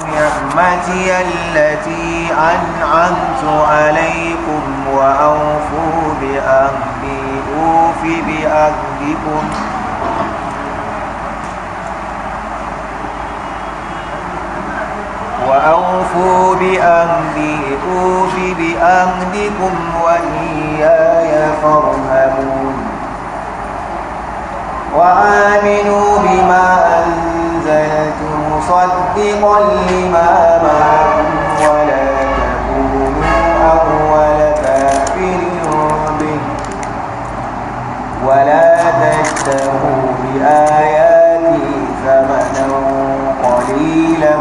نعمتي التي أنعمت عليكم وأوفوا بأهدي أوف بأهدكم وأوفوا بأهدي أوف بأهدكم وإياي فارهبون وآمنوا بما أنزل السنة مصدقا لما معكم ولا تكونوا أول كافر به ولا تشتروا بآياتي ثمنا قليلا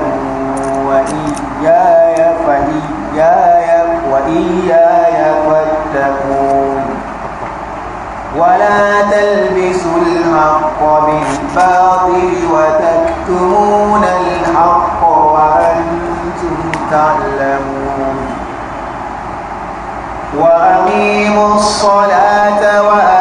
وإياي فإياي وإياي ولا تلبسوا الحق بالباطل وتكتمون الحق وأنتم تعلمون وأقيموا الصلاة وأقيموا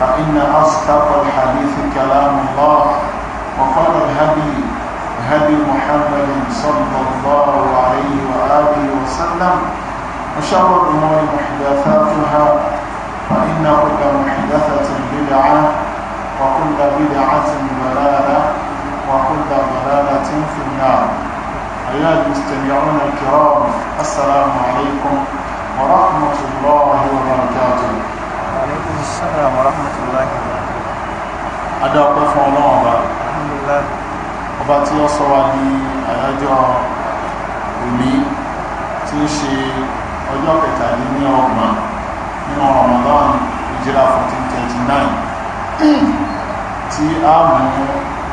فإن أصدق الحديث كلام الله وقال الهدي هدي محمد صلى الله عليه وآله وسلم وشر الأمور محدثاتها فإن كل محدثة بدعة وكل بدعة ضلالة وكل ضلالة في النار أيها المستمعون الكرام السلام عليكم ورحمة الله وبركاته aleykum salaam wa rahmatulahi wa barakatuh. adáwọ̀ fún ọlọ́run ọba ọba tí ó sọ wa ní àyájọ́ òní tí ń ṣe Ramadan ìjírà 1439 tí a mú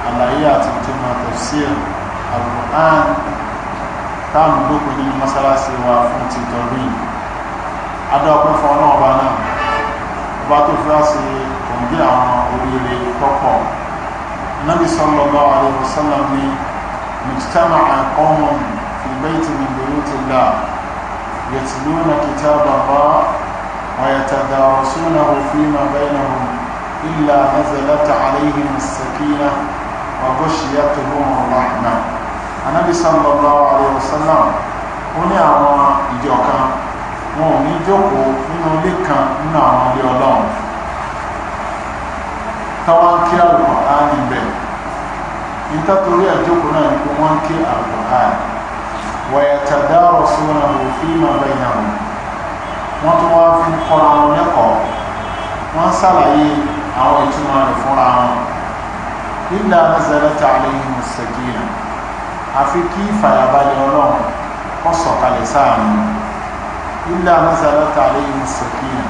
àlàyé àti ìjọba tafsir Al-Qur'an táàmù lópin nínú mọ́sálásí wa fún ti tọ́rí adọ́pẹ́ fún ọlọ́ọ̀bá náà bá tó fi láti kòǹgé àwọn oríire tọ́pọ̀ nábi sallallahu alaihi wasallam ni mujtama'a qawmun fi baytin min buyutillah yatluna kitaballah wa yatadarasunahu fima bainahum illa nazalat alaihim as-sakina wa ghashiyatuhum ar-rahmah anábi sallallahu alaihi wasallam ó ní àwọn ìjọ kan wọn ò ní jókòó nínú ilé kan nínú àwọn ilé ọlọ́run táwọn ń kí Al-Qur'an níbẹ̀ nítorí àjókòó náà ni pé wọ́n ń kí Al-Qur'an wa yatadarasunahu fima bainahum wọ́n tún wá fi kọ́ra wọn lẹ́kọ̀ọ́ wọ́n ṣàlàyé àwọn ìtumọ̀ rẹ̀ fúnra wọn illa nazalat alayhim as-sakinah àfi kí ìfàyàbalẹ̀ ọlọ́run kó sọ̀kalẹ̀ sáà nù ilé amásàlá tààrí ìsìnkìyàn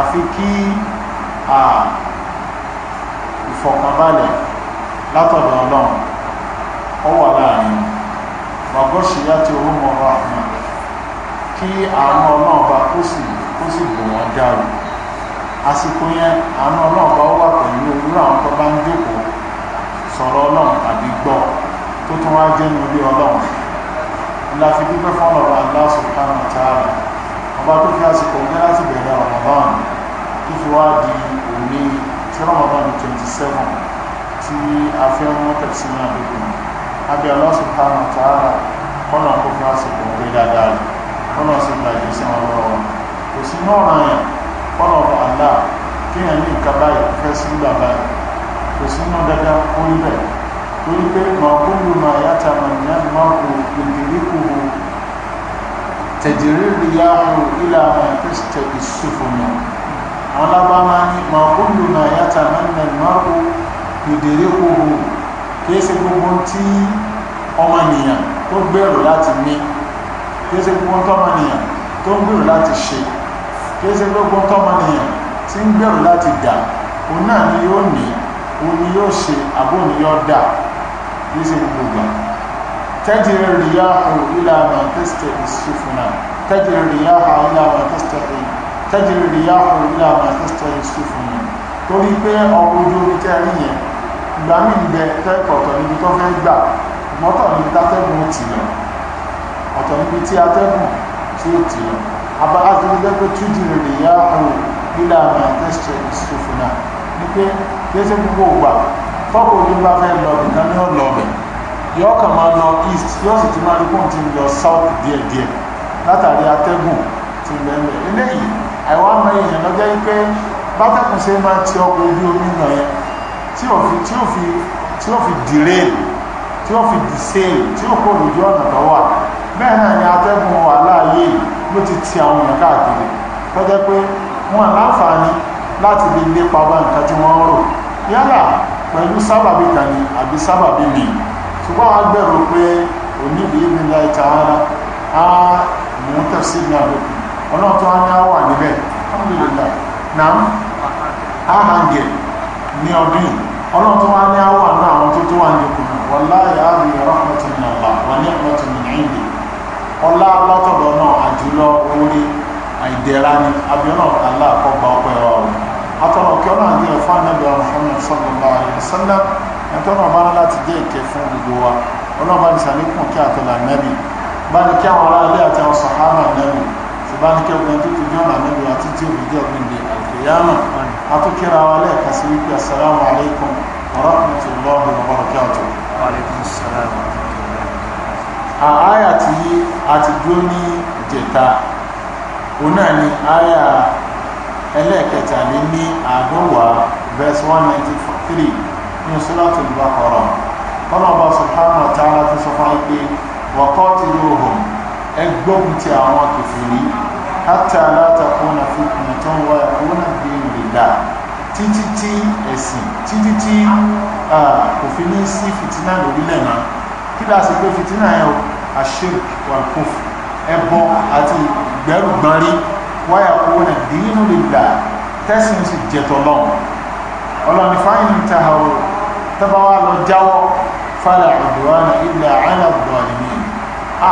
àfi kí ìfọ̀kànbalẹ̀ látọ̀dọ̀ ọlọ́run ó wà láàrin wàgọ́ṣìyá tí owó mọ̀ wà fún kí àánú ọlọ́run bá kó sì kó sì àsìkò yẹn àánú ọlọ́run bá wà pẹ̀lú òwúrọ̀ àwọn tó bá ń jókòó sọ̀rọ̀ ọlọ́run tàbí gbọ́ tó tún wá jẹ́nu ilé ọlọ́run ńlá fi dúpẹ́ fọ́nà ọba Allah subhanahu ọba tó fi àsìkò ní láti bẹ̀rẹ̀ Ramadan tó fi wá di òní tí Ramadan twenty seven tí a fẹ́ mọ́ tẹ̀sí náà lókun abẹ́ Allah subhanahu wa ta'ala kọ́nà kó fi àsìkò ní dáadáa rẹ̀ kọ́nà sì gba ìgbésẹ̀ wọn lọ́wọ́ kò sí náà ràn yẹn kọ́nà ọba àlá kéèyàn ní nǹkan báyìí fẹ́ sí gbà báyìí kò sí náà dáadáa kó rí torí pé màá kúlù màá yàtà màá ní àdúgbò kò tẹ̀jìrí ríyá ọ̀rọ̀ ilá àmàkìsítẹ̀ ìṣòfòmọ̀ wọn lábá máa ní ma kúlù náà yàtà mẹ́rin márùn ìdèrè ohun kéèsì gbogbo tí ọmọnìyàn tó gbèrò láti ní kéèsì gbogbo tọmọnìyàn tó gbèrò láti ṣe kéèsì gbogbo tọmọnìyàn tí ń gbèrò láti dà òun náà ni yóò ní òun ni yóò ṣe àbóun yóò dà kéèsì gbogbo gbà تجري الرياح إلى ما تستحي السفن تجري الرياح إلى ما تستحي تجري الرياح إلى ما تستحي السفن torí pé ọkọ̀ ojú omi tẹ́ rí yẹn ìgbà mí ń bẹ kẹ́kọ̀ọ́ ọ̀tọ̀ níbi tó fẹ́ gbà mọ́tọ̀ níbi tátẹ́gùn ó tì lọ ọ̀tọ̀ níbi tí atẹ́gùn tí ó tì lọ abájúgbẹ́ pé tújìrì lè yá ọ̀rọ̀ nílà àmì àtẹ́sẹ̀ ìṣòfò náà ni pé kí é gbogbo ògbà fọ́kùnrin bá fẹ́ lọ nìkan ní ọ̀lọ́ọ̀bẹ̀ yóò kàn máa lọ east yóò sì ti máa rí pọ́ùn tí ń lọ south díẹ̀díẹ̀ látàrí atẹ́gùn ti lẹ́lẹ̀ eléyìí àìwá mọ èèyàn lọ́jọ́ pé bátẹ́kùn ṣe máa ti ọkọ̀ ojú omi nà ẹ tí ò fi tí ò fi tí ò fi dìrẹ́ẹ̀lì tí ò fi dìsẹ́ẹ̀lì tí ò kó olùjọ́ ọ̀nà tó wà bẹ́ẹ̀ náà ni atẹ́gùn wà láàyè ló ti ti àwọn èèyàn káàkiri lọ́jọ́ pé wọn láǹfààní láti lè lépa bá nǹkan tí wọ́n rò yálà pẹ̀lú sábàbí kan ni àbí sábàbí mìíràn ṣùgbọ́n àwọn gbẹ̀rù onye oníbi ibi ńlá ìta ara á mú tẹ̀sí ní àlòkù ọlọ́run tó ní á wà níbẹ̀ alhamdulillah nam ahangẹ ní ọdún yìí ọlọ́run tó wá ẹ̀tọ́nà bá ńlá ti jẹ́ ìkẹ́ fún gbogbo wa ọlọ́ba ní sàlékùn kí àtọ́là nẹ́bì bá ní kí àwọn ará ilé àti àwọn sàhámà nẹ́bì sì bá ní kí ọgbẹ́ tó tó jọ́nà nẹ́bì àti tí òbí jẹ́ ọgbìn dé àlùkìyàmà àtúkìrà wa lẹ́ẹ̀ka sí wípé assalamu alaikum wa rahmatullahi wa barakatuh. àáyà tí a ti dúró ní ìjẹta òun náà ni àáyà ẹlẹ́ẹ̀kẹtàléní àádọ́wàá verse one ninety three ní sọ́lọ́tù Baqara kọ́nà ọba subhanahu wa ta'ala tó sọ fún pé wa qatiluhum ẹgbógun ti àwọn kèfèrí hatta la takuna fitnatun wa yakuna ad-dinu lillah títí tí ẹ̀sìn títí tí kò fi ní sí fìtínà lórílẹ̀ náà kí láà sí pé fìtínà ẹ̀ ashirk wal kufr ẹbọ àti ìgbẹ́rùgbọ́nrí wa yakuna ad-dinu lillah tẹ́sìn sì jẹ̀tọ̀ lọ́wọ́ ọlọ́ni fáyín tàhàwọ̀ tọ́ba wa lọ jáwọ́ fala udwana illa ala zalimin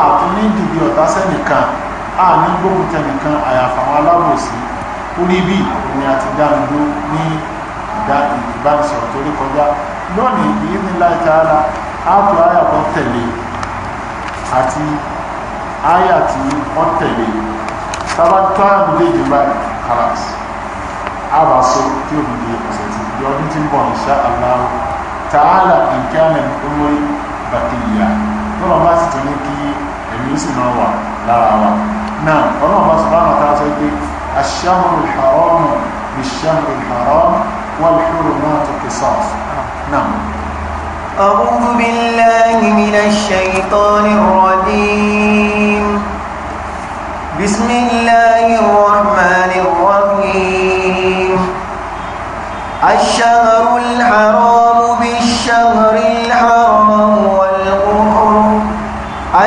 àtún ní dìde ọ̀tá sẹ́nìkan a ní gbógun tẹnìkan àyàfà àwọn alábòsí orí bí ni a ti dáadó ní ìbánisọ̀rọ̀ tó rí kọjá lónìí ìyíní láìtaára áàpù àyà kan tẹ̀lé àti àyà tí wọ́n tẹ̀lé sábàtọ́ àmì léjì báyìí kàràs àbàṣọ tí òbí di ọ̀sẹ̀ tí ọdún tí ń bọ̀ insha Allah تعالى إن كان الأمر بقية tọ́lọ̀ ما sì الميس kí ẹ̀mí sì máa wà lára wa náà ọlọ́run الشهر الحرام بالشهر الحرام والحرمات قصاص نعم أعوذ بالله من الشيطان الرجيم بسم الله الرحمن الرحيم الشهر الحرام الشهر الحرام والقرآن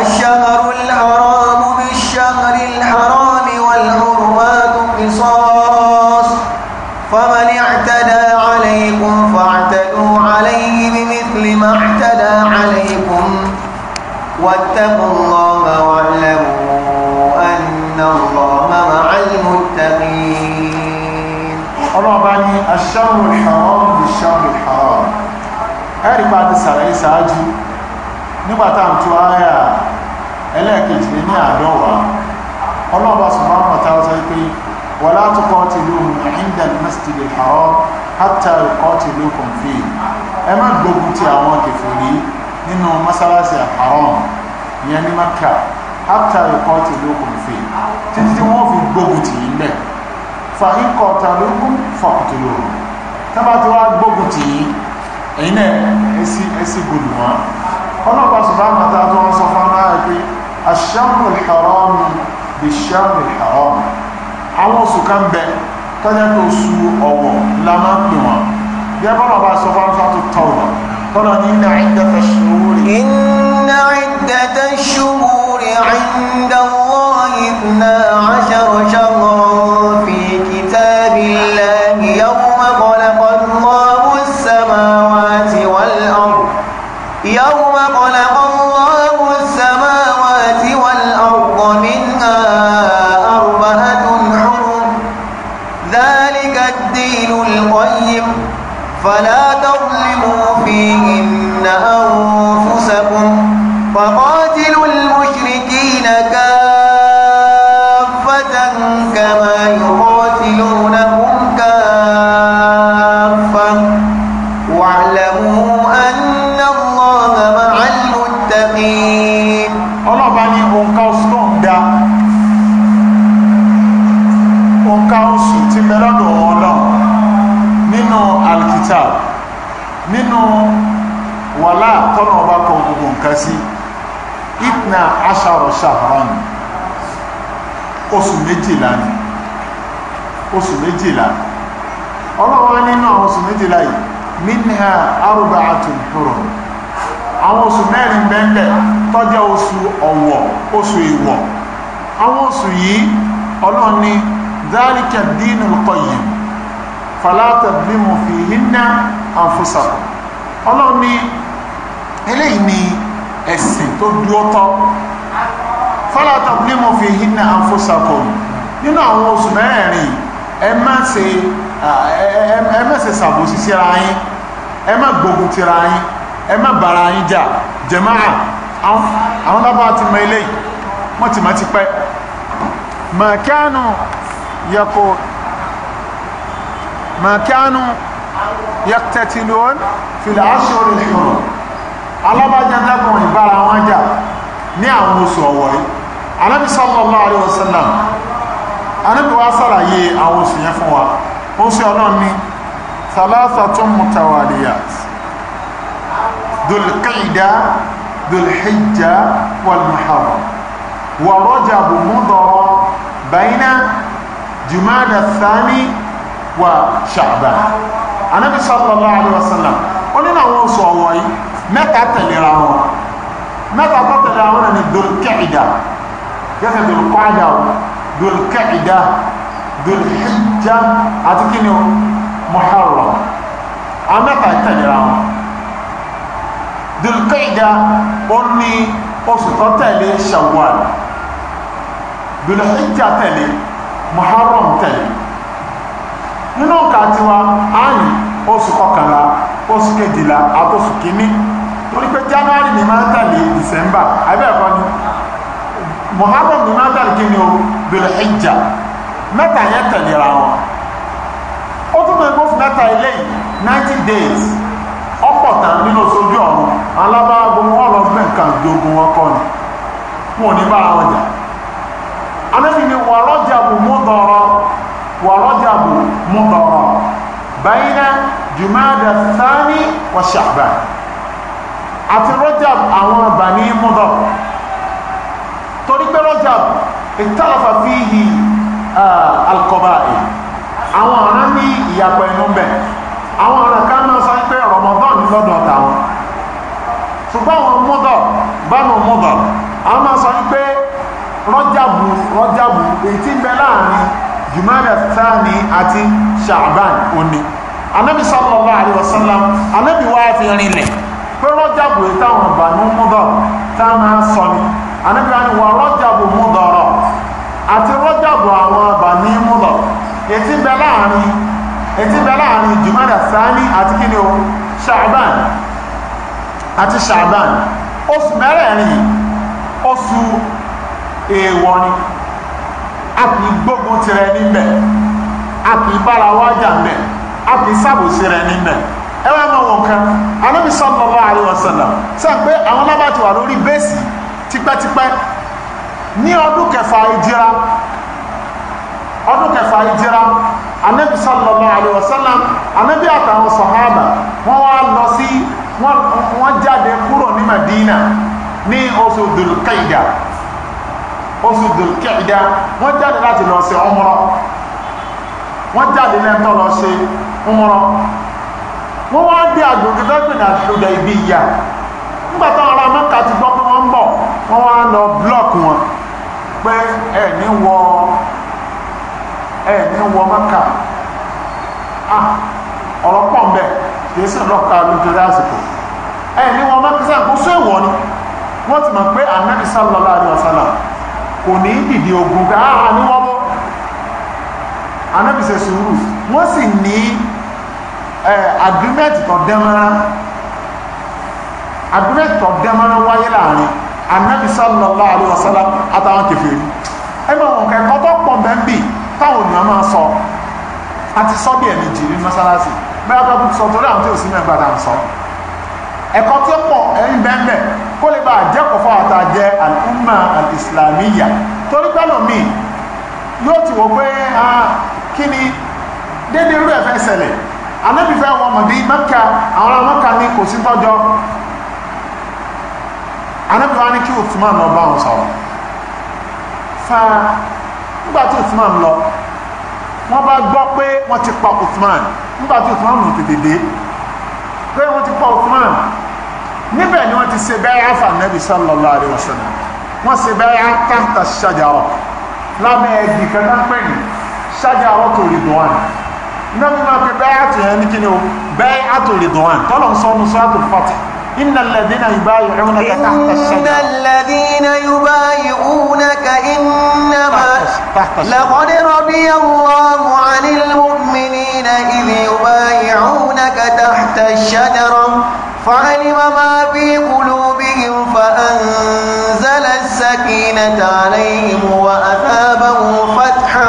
الشهر الحرام بالشهر الحرام والحرمات قصاص فمن اعتدى عليكم فاعتدوا عليه بمثل ما اعتدى عليكم واتقوا الله واعلموا أن الله مع المتقين. الله الشهر الحرام بالشهر الحرام ẹ̀rí bá ti sàlàyé ṣáájú nígbà tá à ń tú àyà ẹlẹ́ẹ̀kejì lé ní àádọ́wà ọlọ́ọ̀bá subhanahu wa ta'ala sọ pé wala tuqatiluhum inda al-masjid al-haram hatta yuqatilukum fihi ẹ má gbógun ti àwọn kèfèrí nínú mọ́sálásí al-haram ìyẹn ní Mákà hatta yuqatilukum fihi títí tí wọ́n fi gbógun tì í tí wọ́n ẹ̀yin náà ẹsí ẹsí gbòdù wọn ọlọ́pàá sọ̀rọ̀ àwọn àti àtọ́ wọn sọ fún ara rẹ̀ pé aṣáàmù ìhàrọ́mù lè ṣáàmù ìhàrọ́mù àwọn oṣù kan bẹ tọ́jà tó su ọ̀wọ̀ la máa ń pè ṣàbọ̀n oṣù méjìlá ni oṣù méjìlá ọlọ́wọ́ nínú àwọn oṣù méjìlá yìí minha arba'atun hurum àwọn oṣù mẹ́rin bẹ́ńbẹ́ tọ́jẹ́ oṣù ọ̀wọ̀ oṣù ìwọ̀ àwọn oṣù yìí ọlọ́ni dhalika ad-dinul qayyim fala tadlimu fihinna anfusakum ọlọ́ni eléyìí ni ẹ̀sìn tó dúró fala tablimu fihinna anfusakum nínú àwọn oṣù mẹ́rẹ̀ẹ̀rin ẹ má ṣe ẹ má ṣe ṣàbòsí síra yín ẹ má gbógun tira yín ẹ má bára yín jà jẹmáà àwọn lábá ti mọ ilé wọ́n ti mọ́ ti pẹ́ màkánù yẹkọ màkánù yẹtẹtìlón fìlà aṣọ́rẹ̀ ṣọ́rọ̀ alábájá dákùnrin bára wọn jà ní àwọn oṣù ọ̀wọ̀ yìí anábì sallallahu alaihi wasallam anábì wá sàlàyé àwọn oṣù yẹn fún wa ó sì ọlọ́run ní thalathatun mutawaliyat dulqaida dulhijja wal muharram wa rajabu mudara bayna jumada thani wa sha'ban anábì sallallahu alaihi wasallam ó nínú àwọn oṣù ọ̀wọ̀ yìí mẹ́ta tẹ̀lera wọn mẹ́ta tẹ̀lera wọn ni dulqaida yẹ́sẹ̀ dùn kọ́ńdà o dùn kẹ́ìdá dùn hijja àti kí ni o muharram àwọn mẹ́ta tẹ̀lera wọn dùn kẹ́ìdá ó ní oṣù tó tẹ̀lé shawwal dùn hijja tẹ̀lé muharram tẹ̀lé nínú ọ̀ka tiwa àyìn oṣù kọkànlá oṣù kejìlá àti oṣù kìíní torí january ni máa ń tẹ̀lé december àbẹ́ẹ̀kọ́ ni muharram ní mátà kí ni o bilhijja mẹ́ta yẹn tẹ̀lera wọn ó tún bẹ gbófin mẹ́ta ilé yìí ninety days ọ̀pọ̀ tán nínú sojú ọ̀run alábàágbó wọn lọ bẹ̀ nǹkan jogun wọn kọ́ ni wọn ò ní bá ni wàrọ́jà bù mú dọ̀rọ̀ wàrọ́jà bù mú dọ̀rọ̀ bayna jùmọ́dà sáni wa ṣàbà àti rọ́jà àwọn bàní mú dọ̀rọ̀ torí pé Rajab ìtàlàfà fi hì alkọba ẹ̀ àwọn ọ̀ràn ní ìyàpọ̀ ẹnu bẹ̀ àwọn ọ̀ràn ká máa sọ pé Ramadan lọ́dọ̀ tàwọn ṣùgbọ́n àwọn mọ́dọ̀ bánu mọ́dọ̀ a máa sọ pé Rajab Rajab èyí tí ń bẹ láàrin Jumada Thani àti Sha'ban òní anabi sallallahu alaihi wasallam anabi wa fi rinlẹ̀ pé Rajab èyí táwọn bànú mọ́dọ̀ tá máa sọ ni anabira ni wà rọ́jàbù mudọ̀rọ̀ àti rọ́jàbù àwọn bàní mudọ̀ etí bẹ láàrin etí bẹ láàrin jùmọ́dà sáni àti kí ni o ṣàbán àti ṣàbán oṣù mẹ́rẹ̀ẹ̀rin oṣù èèwọ̀ ni a kì í gbógun tirẹ̀ níbẹ̀ a kì í bára wájà níbẹ̀ a kì í sàbòsí rẹ̀ níbẹ̀ ẹ wá máa wọ̀n kan anábì sallallahu alaihi wasallam sẹ́n pé àwọn lábàtì wà lórí bẹ́ẹ̀sì tipẹ́tipẹ́ ní ọdún kẹfà ìjìra ọdún kẹfà ìjìra anabi sallallahu alayhi wa sallam anabi àtàwọn sọ̀hábà wọ́n wá lọ sí wọ́n jáde kúrò ní madina ní oṣù dùlkẹ́ìdà oṣù dùlkẹ́ìdà wọ́n jáde láti lọ sí ọmọrọ wọ́n jáde lẹ́tọ́ lọ sí ọmọrọ wọ́n wá dé àgbègbè tó pè ní àṣùdà ìbí ìyá nígbà táwọn ará mẹ́ka ti gbọ́ wọ́n wá lọ blọ́ọ̀kì wọn pé ẹ̀ ní wọ ẹ̀ ní wọ mọ́kà ọ̀rọ̀ pọ̀ mbẹ́ kìí sàn lọ́kà lójú lásìkò ẹ̀ ní wọ mọ́kà sàn kó sún ìwọ ni wọ́n ti mọ̀ pé anabi sallallahu alaihi wasallam kò ní dìde ogun pé àà ní wọ́n mọ́ anabi ṣe sùúrù wọ́n sì ní agreement tó dẹ́mọ́ra agreement tó dẹ́mọ́ra wáyé láàrin anabi sallallahu alayhi wa sallam àtàwọn kẹfẹ́ ẹ máa wọn kẹ́kọ̀ọ́ tó pọ̀ bẹ́ẹ̀ bì táwọn ènìyàn máa sọ àti sọ bí ẹ̀mí jì ní mọ́sálásì bẹ́ẹ̀ bá sọ torí àwọn tí ò sí mẹ́gbà dà ń sọ ẹ̀kọ́ tí ó pọ̀ ẹ̀yìn bẹ́ẹ̀ kó lè bá àjẹkọ̀ fún àwọn àtàjẹ al-umma al-islamiyya torí pẹ́lú mi yóò ti wò pé kí ni dédé irú ẹ̀fẹ́ ṣẹlẹ̀ anábìfẹ́ wọn mọ̀dí mẹ́kà àwọn ará mẹ́kà ní kò sí tọ́jọ́ anábì wa ní kí Uthman lọ bá wọn sọ̀rọ̀ fa nígbà tí Uthman lọ wọ́n bá gbọ́ pé wọ́n ti pa Uthman nígbà tí Uthman lọ tètè dé pé wọ́n ti pa Uthman níbẹ̀ ni wọ́n ti ṣe bẹ́ẹ̀ fà nẹ́bí sallallahu alaihi wasallam wọ́n ṣe bẹ́ẹ̀ tahta shajara lábẹ́ ẹgbì kẹta pẹ̀lú shajara tó rí dùn án nẹ́bí máa fi bẹ́ẹ̀ àtò ní kíni o bẹ́ẹ̀ àtò dùn án tọ́lọ̀ ń sọ́nu sọ́tò fàtì إن الذين يبايعونك تحت الشجرة إن الذين يبايعونك إنما تحت لقد رضي الله عن المؤمنين إذ يبايعونك تحت الشجرة فعلم ما في قلوبهم فأنزل السكينة عليهم وأثابهم فتحا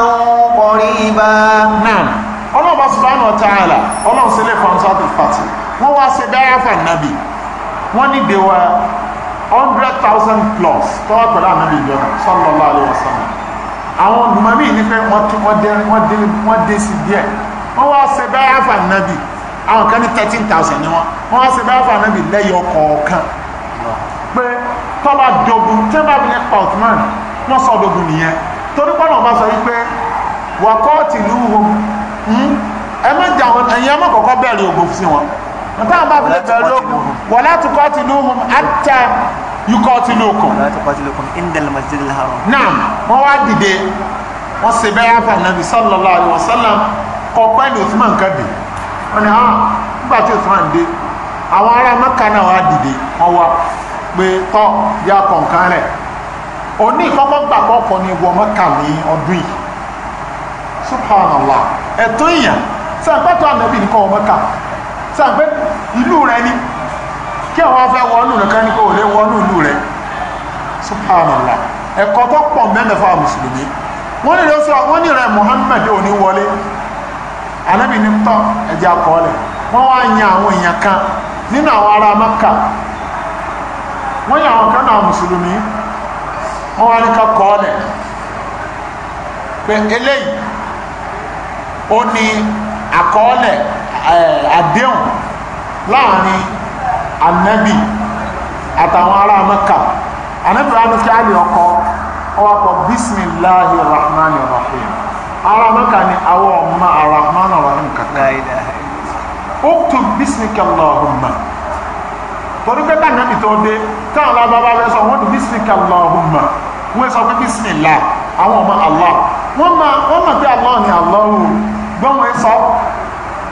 قريبا نعم الله سبحانه وتعالى الله سلف عن صلاة الفاتح وهو سدايا فالنبي wọ́n ní they were hundred thousand plus tọ́wọ́ pẹ̀lú ànábì ìjọba sallallahu alaihi wasallam àwọn olùmọ̀mí ní pé wọ́n tún wọ́n dé wọ́n dé wọ́n dé sí díẹ̀ wọ́n wá ṣe báyà fà nábì àwọn kan ní thirteen thousand ni wọ́n wọ́n wá ṣe báyà fà nábì lẹ́yìn ọkọ̀ ọ̀kan pé tọ́ba dogun tẹ́bà bí nípa Uthman wọ́n sọ dogun nìyẹn torí pọ́nà bá sọ wípé wà kọ́ọ̀tì lúwo ẹ má jà wọn ẹ̀yin ẹ má bẹ̀rẹ̀ ògùn wọn nǹkan àbá fi lè bẹ̀rẹ̀ lógun wala tuqatiluhum hatta yuqatilukum. wala tuqatilukum indal masjidil haram. naam wọ́n wá dìde wọ́n ṣe bẹ́ẹ̀ afa nabi sallallahu alayhi wa sallam kọ pẹ́ẹ́lí Uthman kan dé wọ́n ní hàn ah, nígbà tí Uthman dé àwọn ará Mẹ́kà náà wá dìde wọ́n wá pé tọ́ yà kọ̀ọ̀kan rẹ̀ òní kọ́kọ́ gbàgbọ́ pọ̀ ní wọ́n Mẹ́kà ní ọdún yìí subhanallah ẹ̀tọ́ ìyàn sẹ́ńpẹ́tọ́ ànábì ní kọ́ wọ́n Mẹ́kà sàn pé ìlú rẹ ni kí àwọn afẹ́ wọnú rẹ kán ní kó lè wọnú ìlú rẹ subhanallah ẹ̀kọ́ tó pọ̀ mùsùlùmí wọ́n ní wọ́n ní rẹ ò ní wọlé ní tọ́ ẹ̀jẹ̀ akọọ́lẹ̀ wọ́n wá yan àwọn èèyàn kan nínú àwọn ará wọ́n àwọn kan náà mùsùlùmí wọ́n wá ní ká pé eléyìí ó ní àdéhùn láàrin anabi àtàwọn ará mẹ́ka anabi wa ní kí á lè ọkọ bisimilahi rahman rahim ará mẹ́ka ni àwọn ọmọ rahman rahim kankan uktub bismika allahumma torí pé báyìí nàbì tó dé táwọn ọlọ́ba bá fẹ́ sọ wọ́n ní lọ́hùnmá wọ́n sọ pé bísímìlá àwọn ọmọ Allah wọ́n mọ̀ pé Allah ni Allah gbọ́n sọ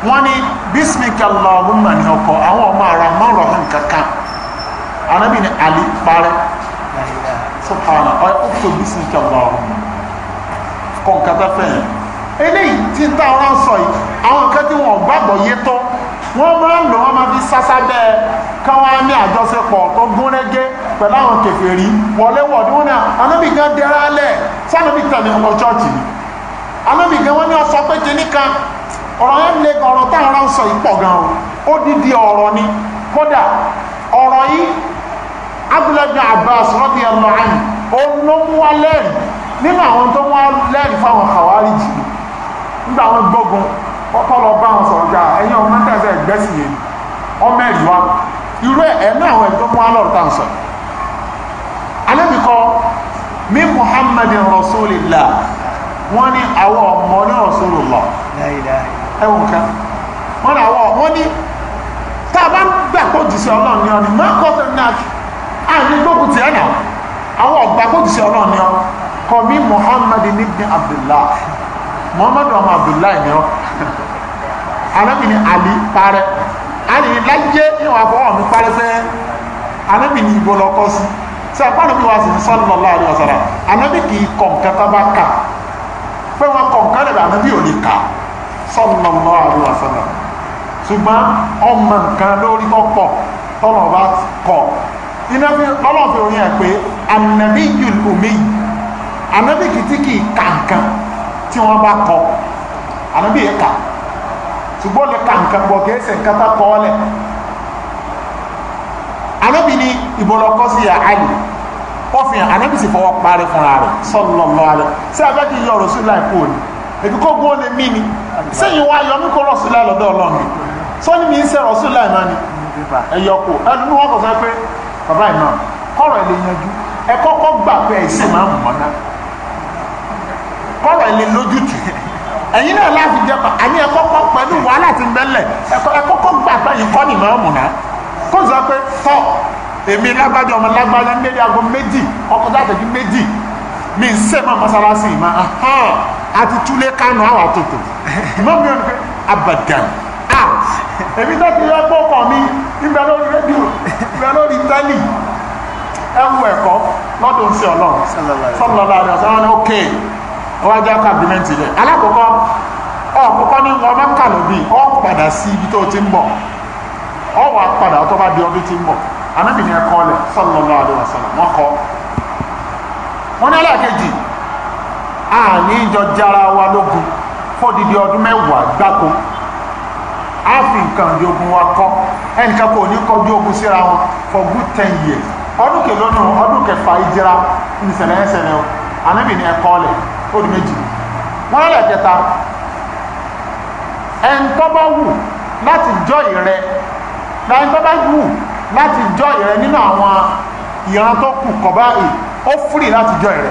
wọ́n ni bísmìkà lọ́ọ̀mùmá ní ọkọ̀ awọn ọmọ ara mọ́rọ̀ hàn kankan anábì ní alì parẹ́ sọ́kànà ọkọ̀ bísmìkà lọ́ọ̀mùmá kọ̀ǹkátà fẹ́yìn eléyìí tí ń táwọn ń yìí àwọn yeto tí wọn gbàgbọ́ yé tọ́ máa ń lò máa fi ní tó wọn ni gan ọ̀rọ̀ yẹn lé ọ̀rọ̀ táwọn ará ń sọ yìí pọ̀ gan o ó dídí ọ̀rọ̀ ni kódà ọ̀rọ̀ yìí Abdullahi bin Abbas radiyallahu anhu ó ló mú wá lẹ́rìí nínú àwọn tó wá lẹ́rìí fáwọn àwárí jì nígbà wọn gbógun ọkọ lọ bá wọn sọ̀rọ̀ gbà ẹ̀yìn ọmọ tẹ̀sẹ̀ ẹ̀gbẹ́sì yẹn ọmọ ẹ̀rù wa irú ẹ̀ náà àwọn ẹ̀tọ́ mú wá lọ́rọ̀ tá à ń sọ alẹ́bìkọ mi Muhammadin rasulillah wọ́n ní àwọn ọmọ ní rasulullah ẹwùn kan wọ́n rà wọ́ wọ́n ní tá a bá ń gbà kó jìṣẹ́ ọlọ́run ní ọ ní mọ́kọ́ náà àní gbógun tiẹ̀ náà àwọn ọ̀gbà kó jìṣẹ́ ọlọ́run ní ọ kọ́ mi Muhammad ibn Abdullah Muhammad ọmọ Abdullah ní ọ anábì ní Ali parẹ́ àní láyé níwọ̀n àfọwọ́ mi parẹ́ sẹ́ anábì ní ibo lọ́kọ́ sí sẹ́ àpáàdé mi wá sí sallallahu alaihi wasallam anábì kì í kọ̀ nǹkan tá bá kà pé wọ́n kọ̀ nǹkan lẹ́bàá anábì ò ní kà á sallallahu alaihi wasallam ṣùgbọ́n ọmọ nǹkan lórí ọ̀pọ̀ tọ́lọ̀ bá kọ̀ iná fi lọ́lọ́ fi orin ẹ̀ pé ànàbí yùlùmí ànàbí kìtìkì kàǹkan tí wọ́n bá kọ ànàbí yẹn kà ṣùgbọ́n lè ka nǹkan bọ̀ kìí ṣe nǹkan tá kọ́ lẹ̀ anabi ni ìbọ̀lọ́kọ́ sí ya ali ó fi hàn anabi sì fọwọ́ parí fúnra rẹ̀ sallallahu alaihi ṣé abẹ́kì yọ sí láì kúrò èbí kó gbó lè mí ni sẹ́yìn wá yọ mí kó rọ̀sùlá lọ́dọ̀ ọlọ́run sọ́ni mi ń sẹ́ rọ̀sùlá ìmá ni ẹ̀yọ kò ẹnu ní wọ́n kò sọ pé bàbá ìmá kọ́rọ̀ ẹ̀ lè yanjú ẹ kọ́kọ́ gbà pé ẹ̀sìn máa ń mọ̀ náà kọ́rọ̀ ẹ̀ lè lójútù ẹ̀yin náà láti jẹ́ àní ẹ kọ́kọ́ pẹ̀lú wàhálà ti ń bẹ́lẹ̀ ẹ kọ́kọ́ gbà pé ìkọ́ ni máa mọ̀ náà kó sọ pé tọ́ èmi lágbájá ọmọ lágbájá méjì aago méjì ọkọ̀ dáàtẹ̀jú méjì mi ń sẹ́ máa mọ́sálásí ìmá àti túlé kánú àwọn àtòtò mọ́mí ọ̀nà pé abadan ah! èmi tó fi ọgbọ́ ọkọ̀ mi nígbà lórí rédíò nígbà lórí tẹ́lì ẹwù ẹ̀kọ́ lọ́dún sí ọlọ́run sọ́lọ́lá rẹ̀ sọ́lọ́lá ok wọ́n á jẹ́ kábínẹ́ǹtì rẹ̀ alákọ̀ọ́kọ́ ọ̀kọ́kọ́ ní ọmọ kàlóbì ọ̀ padà sí ibi tó ti ń bọ̀ ọ̀ wà padà tó bá di ọdún ti ń bọ̀ anábìnrin ẹ̀kọ́ lẹ̀ sọ́lọ́lá rẹ̀ sọ́lọ́lá wọn kọ́ wọn ní ẹlẹ́ẹ̀kejì àní ah, ìjọ jára wa lógun fódìdí ọdún mẹ́wàá gbáko a fi nǹkan ogun wa kọ́ ẹnìkan kò ní kọjú ogun síra wọn for good ten years ọdún kẹlónù ọdún kẹfà ìjìra o ànábì ní méjì kẹta jọ ìrẹ jọ ìrẹ nínú àwọn ìran tó kù ó jọ ìrẹ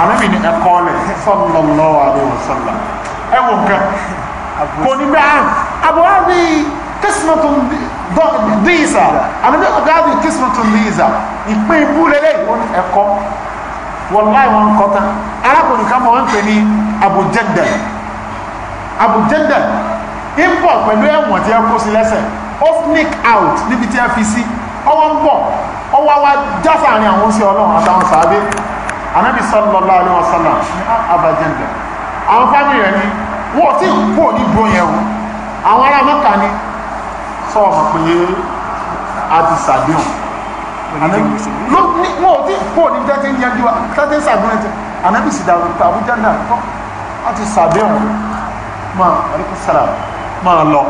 anabi ni ẹkọ lẹ sallallahu alaihi wasallam ẹ wọ nǹkan kò ní bẹ́ẹ̀ àbọ̀ àbí kismatun díìsà anabi ọ̀gá àbí kismatun díìsà ìpín ibú lélẹ̀ wọn ẹkọ wallahi wọn kọ tán arákùnrin kan wọn pè ní Abu Jandal Abu Jandal ń bọ̀ pẹ̀lú ẹ̀wọ̀n tí ẹ kó sí lẹ́sẹ̀ ó sneak out níbi tí ẹ fi sí ọwọ́ ń bọ̀ ọwọ́ wa já sáàrin àwọn sí ọlọ́run àtàwọn sàábé anábì sallallahu alaihi wasallam ní abajẹ́ndẹ̀ àwọn fámì rẹ̀ ni wọ́n tí kò ní bó yẹn o àwọn ará mọ́kà ni sọ ọmọ pé a ti sàdéhùn wọ́n tí kò ní jẹ́ tí ń yẹjú tẹ́tẹ́ sàdéhùn tẹ́ anábì sì dàrú àbújá náà tọ́ a ti sàdéhùn máa àríkú sára máa lọ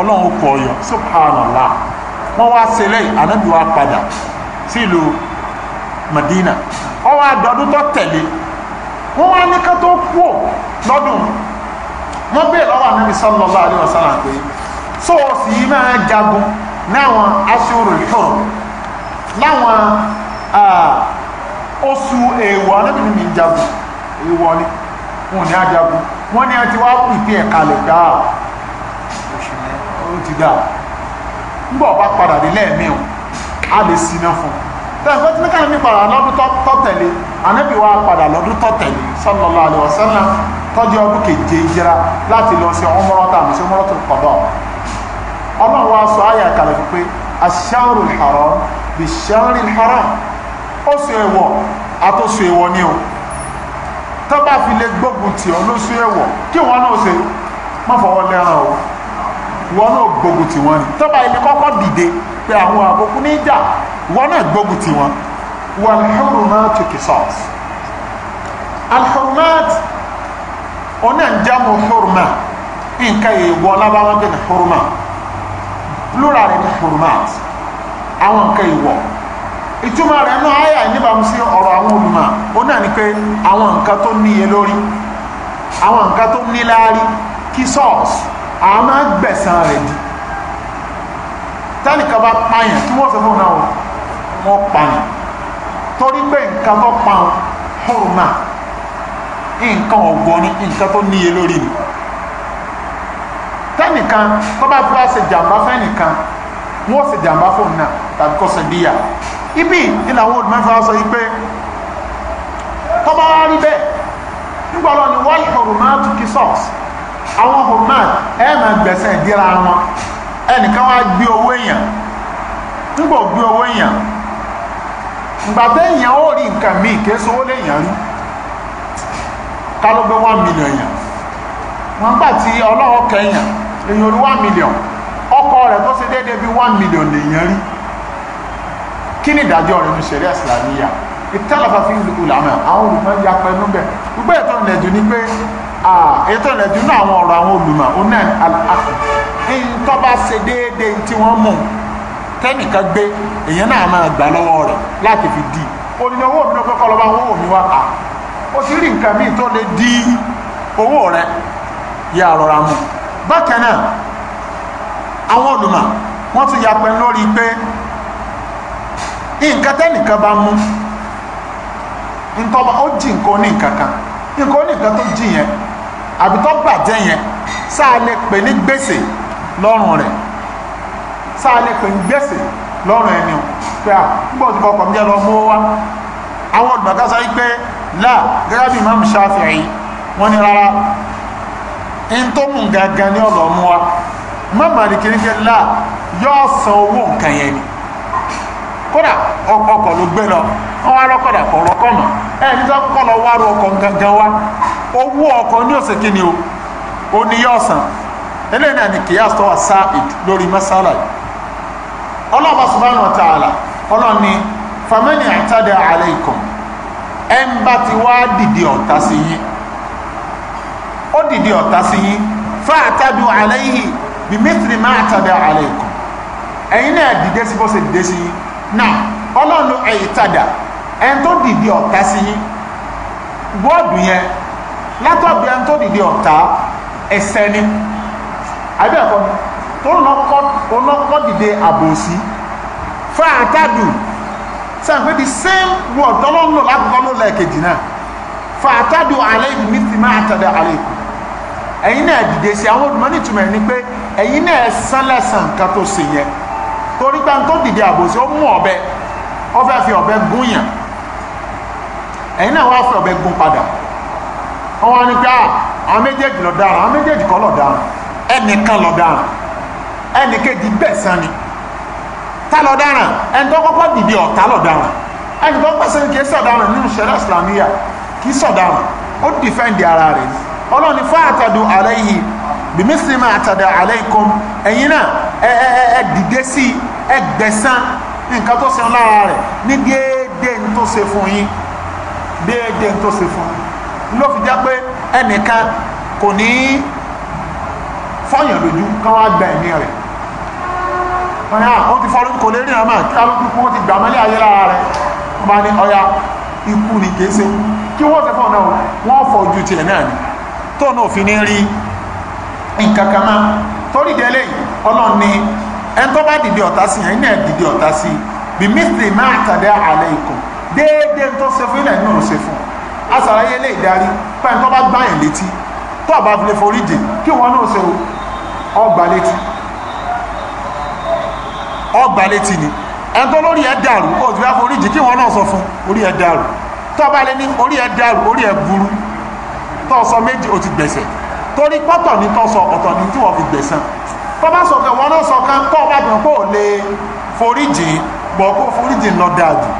ọlọ́run kọ ọyọ subhanallah wọ́n wá sílẹ̀ anábì wá padà sílùú Medina ọwọ́ àdọ́dún tó tẹ̀lé wọ́n wá ní ká tó kú ò lọ́dún wọ́n bèèrè lọ́wọ́ ànábi sallallahu alaihi wasallam pé sóòsì yìí máa jagun láwọn aṣọ́rò ìṣòro láwọn oṣù èèwọ̀ ànábi ni mi jagun èèwọ̀ ni wọn ní ajagun wọ́n ní àti wá pìpì ẹ̀ka lè dá oṣù mẹ́rin ó ti dá ń bọ̀ bá padà dé lẹ́ẹ̀mí o a lè sinmi fún un tẹ́fẹ́ tí níkà ní padà lọ́dún tó tẹ̀lé ànábì wa padà lọ́dún tó tẹ̀lé sallallahu alaihi wasallam tọ́jú ọdún keje yíra láti lọ sí umrah tàbí sí umrah tó kọ̀dọ̀ ọlọ́run wa sọ ayà kalẹ̀ fi pé ash-shahrul haram bish-shahril haram oṣù ẹ̀wọ̀ àtọ́sù ẹ̀wọ̀ ni o tó bá fi lè gbógun tì ọ́ lóṣù ẹ̀wọ̀ náà ṣe má wọ́n ni tó ilé kọ́kọ́ dìde pé àwọn àbòkú ní ìjà wọn náà gbógun ti wọn walhurumat kisas alhurumat ọ̀nà ń jámù huruma nǹkan èèwọ̀ lábáwọn bẹ́ẹ̀ ni huruma plural ni hurumat àwọn nǹkan èèwọ̀ ìtumọ̀ rẹ̀ náà ayà níbàmú sí ọ̀rọ̀ àwọn olùmọ̀ ó náà ni pé àwọn nǹkan tó níye lórí àwọn nǹkan tó níláárí kisas a máa gbẹ̀san rẹ̀ di tẹ́nìkan pààyàn kí wọ́n fẹ́ fún náà wọ́n pààyàn torí pé nǹkan tó pa hurma nǹkan ọ̀gbọ́n ni nǹkan tó níye lórí ni tẹ́nìkan tó bá fura ṣe jàǹbá fẹ́nìkan wọ́n ṣe jàǹbá fóun náà tàbí kó ṣe díyà ibi ìlàwọ̀ olùmọ́fà sọ yìí pé tó bá wá rí bẹ́ẹ̀ nígbà lọ ni wọ́n hurma tukí sọ́ọ̀sì àwọn hurma ẹ̀ máa gbẹ̀sẹ̀ díra wọn ẹnìkan wá gbé owó èèyàn nígbà gbé owó èèyàn ìgbàtẹ́ èèyàn ó rí nǹkan míì kí sówó lè yàn rí ká ló gbé one million yàn wọ́n gbà tí ọlọ́wọ́ kẹyàn èèyàn rí one million ọkọ rẹ̀ tó ṣe déédéé bí one million lèèyàn rí kí ni ìdájọ́ rẹ̀ ní ṣẹ̀ríà ìsìlámíyà ìtẹ́lọ̀fà fi ń lu ìlànà àwọn olùmọ̀ ya pẹ̀lú bẹ̀ gbogbo ètò ìrìnàjò ni pé ètò ìrìnàjò náà àwọn ọ̀rọ̀ àwọn olùmọ̀ onan al-akh ń tọ́ bá ṣe déédéé tí wọ́n mú tẹ́nìkan gbé èèyàn náà máa gbà lọ́wọ́ rẹ̀ láti fi dì ó ní owó mi ló fẹ́ owó mi wá pa ó sì rí nǹkan míì tó lè di owó rẹ̀ yà rọra mu bákan náà àwọn olùmọ̀ wọ́n tún yapẹ lórí pé nǹkan tẹ́nìkan bá mú ntọ́ba ó jí nǹkan ní nǹkan kan nǹkan ní nǹkan tó jí yẹn àbí tó bàjẹ́ yẹn sáà lè pè ní gbèsè lọ́rùn rẹ̀ sáà lè pè ní gbèsè lọrụ ẹni ọ̀hún pé à púpọ̀ tí bọ́kọ̀ jẹ́ lọ mọ́ wá àwọn olùgbàkásá yí pé là gẹ́gẹ́ bí Imam Shafi'i wọ́n ní rárá in tó mú gangan ní ọ̀lọ́ mú wa má màrí kéréké san owó nǹkan yẹn ni kódà ọkọ̀ ló gbé lọ wọ́n wá lọ́kọ̀dà kọ̀ lọ́kọ̀ mọ̀ ẹ̀ ní sọ kọ́ lọ wárò ọkọ̀ gangan owó ọkọ̀ ní òsè kí ni o ò ní san eléyìí náà ni kìí àtọ́wà sáà lórí masala yìí ọlọ́ọ̀bá subhanahu wa ta'ala ọlọ́ọ̀ ni famani àtàdà alaykum ẹ ń bá ti wá dìde ọ̀tá sí yín ó dìde ọ̀tá sí yín fa àtàdù alayhi bí mithli ma àtàdà alaykum ẹ̀yin náà dìde sí bó ṣe dìde sí yín náà ọlọ́ọ̀nù ẹ̀yìn tàdà ẹ̀ tó dìde ọ̀tá sí yín bọ́ọ̀dù yẹn látọ̀bí ẹ̀ tó dìde ọ̀tá ẹ̀sẹ̀ ni àbí ẹ̀kọ́ ni tó lọ́kọ́ dìde àbòsí fún àtàdù sáà pé the same word tọ́lọ́nù lákòókò ló lẹ́ẹ̀kejì náà fún àtàdù alẹ́ ìlú mi ti máa tàdà alẹ́ ìkù ẹ̀yin náà dìde sí àwọn olùmọ́ nítumọ̀ ẹni pé ẹ̀yin náà sán lẹ́sàn kan tó ṣe yẹn torí pé tó dìde àbòsí ó mú ọ̀bẹ ó fẹ́ fi ọ̀bẹ gún yàn ẹ̀yin náà wá fi ọ̀bẹ gún padà wọ́n wá ní pé ah, àwọn méjèèjì ló dáràn àwọn méjèèjì kọ́ ló dáràn ẹnìkan ló dáràn ẹnì kejì gbẹ̀sán ni tá lọ́daràn ẹni tó kọ́kọ́ dìde ọ̀tá lọ́daràn ẹni tó pèsè kì í sọ̀daràn nínú ṣẹ̀ríà islamiyà kì í sọ̀daràn ó dìfẹ́ǹdì ara rẹ̀ ọlọ́ni fa'tadu alayhi bimithli ma atada alaykum ẹ̀yin náà ẹ ẹ ẹ dìde sí ẹ gbẹ̀sán nǹkan tó sẹ́wọ́n lára rẹ̀ ní déédéé ń tó ṣe fún yín déédéé ń tó ṣe fún yín ló fi jẹ́ pé ẹnìkan kò ní fọyàn lójú káwá gba ẹ̀mí rẹ̀ ọ̀yà ah, ó ti fọ́lú kò lè rí àmà kí alókùn kó ti gbà mẹ́lẹ̀ ayé lára rẹ̀ wọ́n bá ní ọya ikú ni kìí ṣe kí wọ́n tẹ́fọ́ náà wọ́n fọ ojú tiẹ̀ náà ni tó náà fi ní rí nǹkan kan máa torí délé ọlọ́run ni ẹni tó bá dìde ọ̀tá sí yẹn iná ẹ̀ dìde ọ̀tá sí bí mísìlì máa tàdé àlẹ́ ikọ̀ déédéé tó ṣe fún ilẹ̀ náà ṣe fún asàlàyé lè darí pẹ́ẹ́n tó bá gbáyìn létí tó àbá fi lè forí dè kí wọ́n náà ṣe ọgbà létí ọgbà létí ni ẹni tó lórí ẹ dàrú ó ti fẹ́ forí jì kí wọn náà sọ fún orí ẹ dàrú tó bá lé ní orí ẹ dàrú orí ẹ burú tó sọ méjì ó ti gbẹ̀sẹ̀ torí pọ́tọ̀ ní tó sọ ọ̀tọ̀ ní tí wọ́n fi gbẹ̀sán tó bá sọ pé wọn náà sọ kan tó bá dùn kó o lè forí jì bọ̀ kó forí jì lọ dáa jù.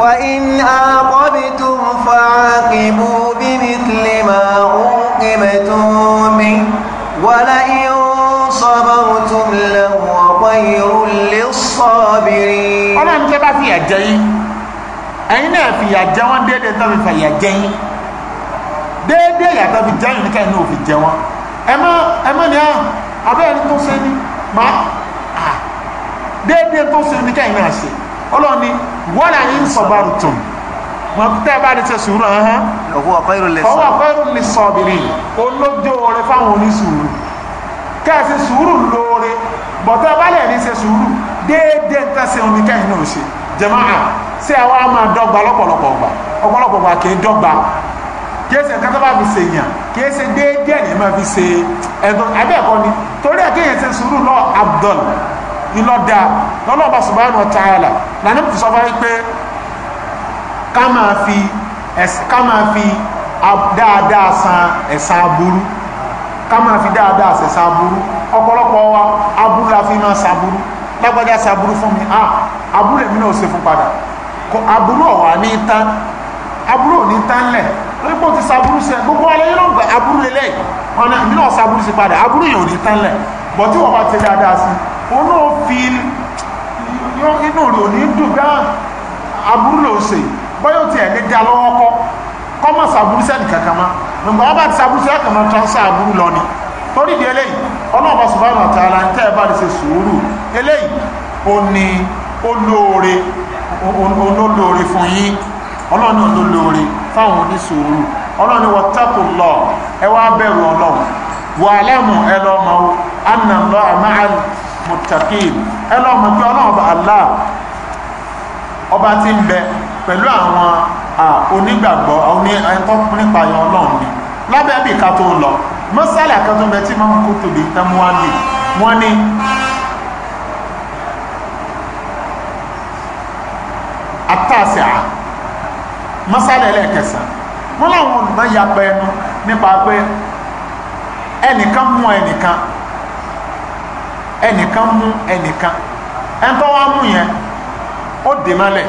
وإن عاقبتم فعاقبوا بمثل ما عوقبتم به ولئن صبرتم لهو خير للصابرين ọlọ́run tẹ́ bá fìyà jẹ yín ẹ̀yin náà fìyà jẹ wọ́n déédéé tó fi fìyà jẹ yín déédéé ìyàtọ̀ fi jẹ yín nìkan ní òfin jẹ wọ́n ẹ̀mọ́ ẹ̀mọ́ ni àrùn ah, abẹ́rẹ́ ni tó ṣe ni má déédéé tó ṣe nìkan ìyìn àṣẹ ọlọ́run ni wọ́n là ń sabartum wọn tẹ́ bá ní ṣe sùúrù ọ̀hán ọwọ́ àpẹ́rù lè sọ̀bìrì olójó rẹ fáwọn oníṣùúrù kẹ́ẹ̀sì sùúrù lóore bọ̀tẹ́ balẹ̀ ní ṣe sùúrù déédéé nǹkan se omi kẹ́yìn náà ṣe jàmáà ṣé àwa máa dọ́gba lọ́pọ̀lọpọ̀ ọgbà ọ̀pọ̀lọpọ̀ ọgbà kì í dọ́gba kìí ṣe nǹkan tó bá fi ṣe yàn kìí ṣe déédéé ni máa fi ṣe ẹ̀dùn abẹ́ẹ̀kọ́ ni torí àkéyàn ṣe sùúrù lọ abdul ìlọ́dà lọ́lọ́ọ̀bà subhanahu wa ta'ala lànà tó sọ fún mi pé ká máa fi dáadáa san ẹ̀san aburú ká máa fi dáadáa ṣe ṣàbúrú ọ̀pọ̀lọpọ̀ wa abúrú la fi máa ṣàbúrú lágbájá ṣàbúrú fún mi ah abúrú èmi náà ṣe fún padà abúrú ọ̀wà ní tán abúrú ò ní tán lẹ̀ lóyìnbó ti ṣàbúrú ṣe gbogbo aláyé náà gba abúrú lélẹ̀ ọ̀nà èmi náà ṣàbúrú ṣe padà abúrú yìí ò ní tán lẹ̀ bọ̀ tí wọ́n bá ti dáadáa sí òun náà fi inú rẹ̀ ò ní dùn bí ah, abúrú ló ṣe bọ́yọ̀ tiẹ̀ ní dá lọ́wọ́ kọ́ kọ́ mọ̀ ṣàbúrú sẹ́nì kankan máa nùgbà wọn bá ti sàbúrú sí àkàmọ transfer àbúrú lọ ni torí di eléyìí ọlọ́ọ̀bá subhanahu wa ta'ala ń tẹ́ ẹ bá lè ṣe sùúrù eléyìí ó ní olóore olóore fún yín ọlọ́ọ̀ni olóore fáwọn onísùúrù ọlọ́ọ̀ni wattaqullah ẹ wá bẹ̀rù ọlọ́run wa'lamu ẹ lọ́mọ anna Allaha ma'al muttaqin ẹ lọ́mọ pé ọlọ́ọ̀bá Allah ọba ti ń bẹ pẹ̀lú àwọn onígbàgbọ́ ẹ̀ńtọ́ nípa yan ọlọ́run ni lábẹ́ bí ká tó ń lọ mọ́sálà kan tó ń bẹ tí máa ń kó tóbi tẹ́múwálì wọ́n ní àtàṣà mọ́sálà ẹlẹ́ẹ̀kẹsàn wọ́n láwọn olùmọ̀ ya pẹ́ ẹnu nípa pé ẹnìkan mú ẹnìkan ẹnìkan mú ẹnìkan ẹ̀ńtọ́ wá mú yẹn ó dè mọ́lẹ̀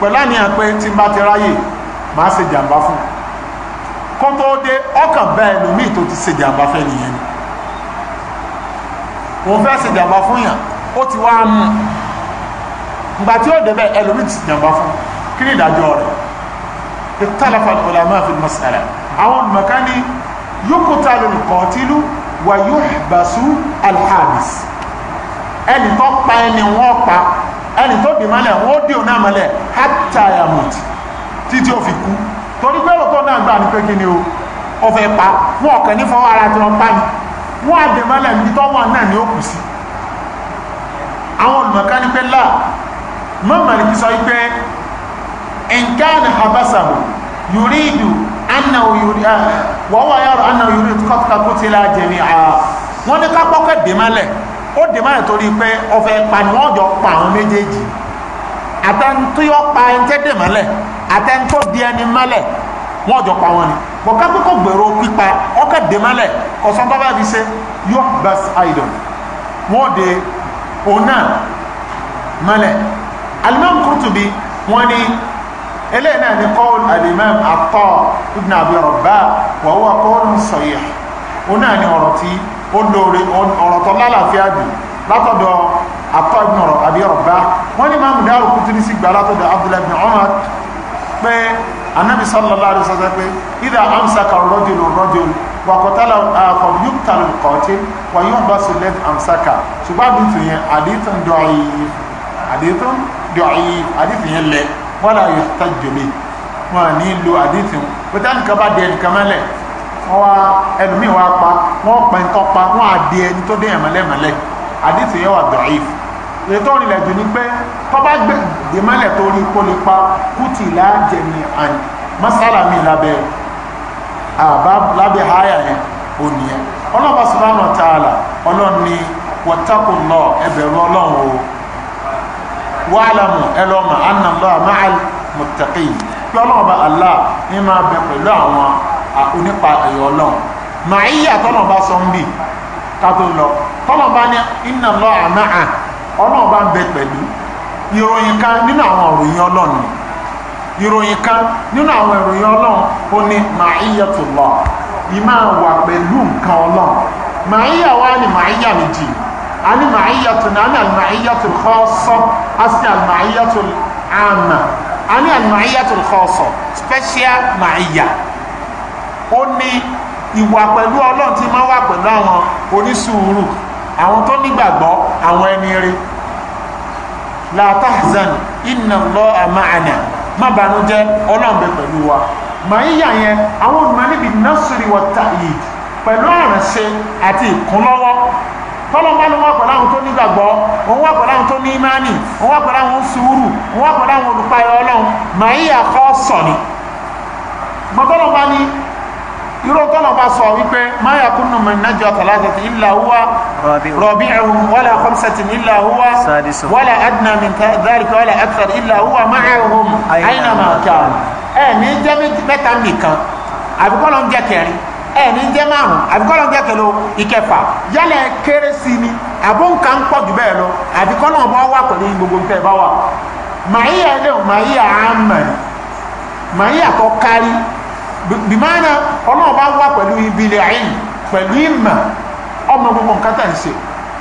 pẹ̀lá ní àpẹ tí bá ti ráyè máa ṣe jàǹbá fún kó tó dé ọkàn bá ẹlòmíì tó ti ṣe jàǹbá fẹ́ nìyẹn ni òun fẹ́ ṣe jàǹbá fún yàn ó ti wá mú ìgbà tí ó débẹ̀ ẹlòmíì ti ṣe jàǹbá fún kí ni ìdájọ́ rẹ̀ ìtàlàfà ulama fi mas'ala àwọn olùmọ̀ká ní yuqtalu al-qatilu wa yuhbasu al-habis ẹnì tó pa ẹni wọ́n pa ẹni tó dì mọ́lẹ̀ wọ́n dì ò náà mọ́lẹ̀ hátàyàmùt títí ó fi kú torí pé òótọ́ náà gbà ní pé kí ni o ó fẹ́ pa wọn ọ̀kẹ́ ní fọwọ́ ara tí wọ́n pa ni wọ́n á dì mọ́lẹ̀ ní tọ́wọ́ náà ni ó kù sí àwọn olùmọ̀ká ní pé láà mọ́mọ́ ní sọ pé nǹkan àbáṣàwò yuridu annahu yuridu ah, wọ́wọ́ yàrá annahu yuridu kọ́tùkà kó ti láà jẹ̀mí àá ní ká pọ́kẹ́ dì mọ́lẹ̀ ó dì máa torí pé ọ̀fẹ́ pàníwọ́jọ pa àwọn méjèèjì àtẹnutúyọ pa ẹnjẹ dè mọ́lẹ̀ àtẹnutọ di ẹni mọ́lẹ̀ wọ́n jọ pa wọn ni bọ̀ká pé kò gbèrò pípa ọkẹ́ dè mọ́lẹ̀ kọ̀sán tó bá fi ṣe yọ bẹ́s àìdọ̀ wọ́n de òun náà mọ́lẹ̀ alimam Qurtubi wọ́n ní eléyìí náà ni kọ́ọ̀lù alimam Atta ibn Abi Rabba wa huwa kọ́ọ̀lù sahih òun náà ni ọ̀rọ̀ tí ó lóore ọ̀rọ̀ tó lálàáfíà bì látọ̀dọ̀ àtọ́gbọ̀rọ̀ àbí ọ̀bá wọ́n ní máa mùdá òkú tí ní sí gbà látọ̀dọ̀ Abdullahi bin Umar pé anábì sallallahu alaihi wasallam pé idha amsaka rajulun rajulan wa qatala akhar yuqtalu al-qatil wa yunbasu alladhi amsaka ṣùgbọ́n àdìtù yẹn àdìtù da'if àdìtù da'if àdìtù yẹn lẹ̀ wala yuhtajju bihi wọn ní lo àdìtù pé táwọn kan wọ́n wá ẹlòmíì wá pa wọ́n pẹ̀ ń tọ́ pa wọ́n á di ẹni tó dé ẹ̀mọ́lẹ́mọ́lẹ́ àdìsí yẹn wà dọ̀ìf ètò ìrìnlẹ̀ jù ni pé tọ́ba gbé dèmọ́lẹ̀ tó rí kó lè pa kùtì láàjẹmí àn mọ́sálà lábẹ́ àbá lábẹ́ háyà yẹn ò nìyẹn ọlọ́ba subhanahu wa ọlọ́run ni wọ́tàkùn lọ ẹbẹ̀rù ọlọ́run o wàlámù ẹlọ́mà annallahu ma'al muttaqin pé ọlọ́run allah ní máa bẹ pẹ̀lú àwọn onípa ẹ̀yọ́ ọlọ́run màáyà tọ́lọ̀ bá sọ ń bì kátó lọ tọ́lọ̀ bá ní iná lọ àmáà ọlọ́run bá ń bẹ pẹ̀lú ìròyìn kan nínú àwọn ìròyìn ọlọ́run ni ìròyìn kan nínú àwọn ìròyìn ọlọ́run ó ní màáyà tó lọ ìmá wà pẹ̀lú nǹkan ọlọ́run màáyà wá ní màáyà méjì a ní màáyà tó ní a ní àlùmáyà tó kọ́ sọ a sì àlùmáyà tó àmà a ní àlùmáyà tó kọ́ sọ special màáyà ó ní ìwà pẹ̀lú ọlọ́run tí máa wà pẹ̀lú àwọn onísùúrù àwọn tó nígbàgbọ́ àwọn ẹni rí la tahzan inna Allaha ma'ana má banújẹ́ ọlọ́run bẹ pẹ̀lú wa màáyà yẹn àwọn olùmọ̀ níbi násìrì wọ tàyè pẹ̀lú àrànṣe àti ìkúnlọ́wọ́ tọ́lọ́ bá ló wà pẹ̀lú àwọn tó nígbàgbọ́ òun wà pẹ̀lú àwọn tó ní ìmánì òun wà pẹ̀lú àwọn sùúrù òun wà pẹ̀lú àwọn olùpayọ̀ ọlọ́run màáyà kọ́ sọ̀ni mọ́tọ́lọ́ bá ní irú tọ́lọ̀ bá sọ wípé ma yakunu min najwa thalathatin illa huwa rabi'uhum wala khamsatin illa huwa wala adna min dhalika wala akthar illa huwa ma'ahum aynama kanu ẹ ní jẹ́ mẹ́ta nìkan àbíkọ́lọ́ ń jẹ́ kẹrin ẹ ní jẹ́ márùn àbíkọ́lọ́ ń jẹ́ kẹlò ìkẹfà yálẹ̀ kéré sí ni àbóǹkà ń pọ̀ jù bẹ́ẹ̀ lọ àbíkọ́lọ́ bá wà pẹ̀lú gbogbo nǹkan bá wà màáyà ẹlẹ́wọ̀n màáyà àmàlì màáyà tó kárí bìmánà ọlọ́run bá wà pẹ̀lú ibi ilẹ̀ ayé pẹ̀lú ìmọ̀ ọmọ gbogbo nǹkan tà ń ṣe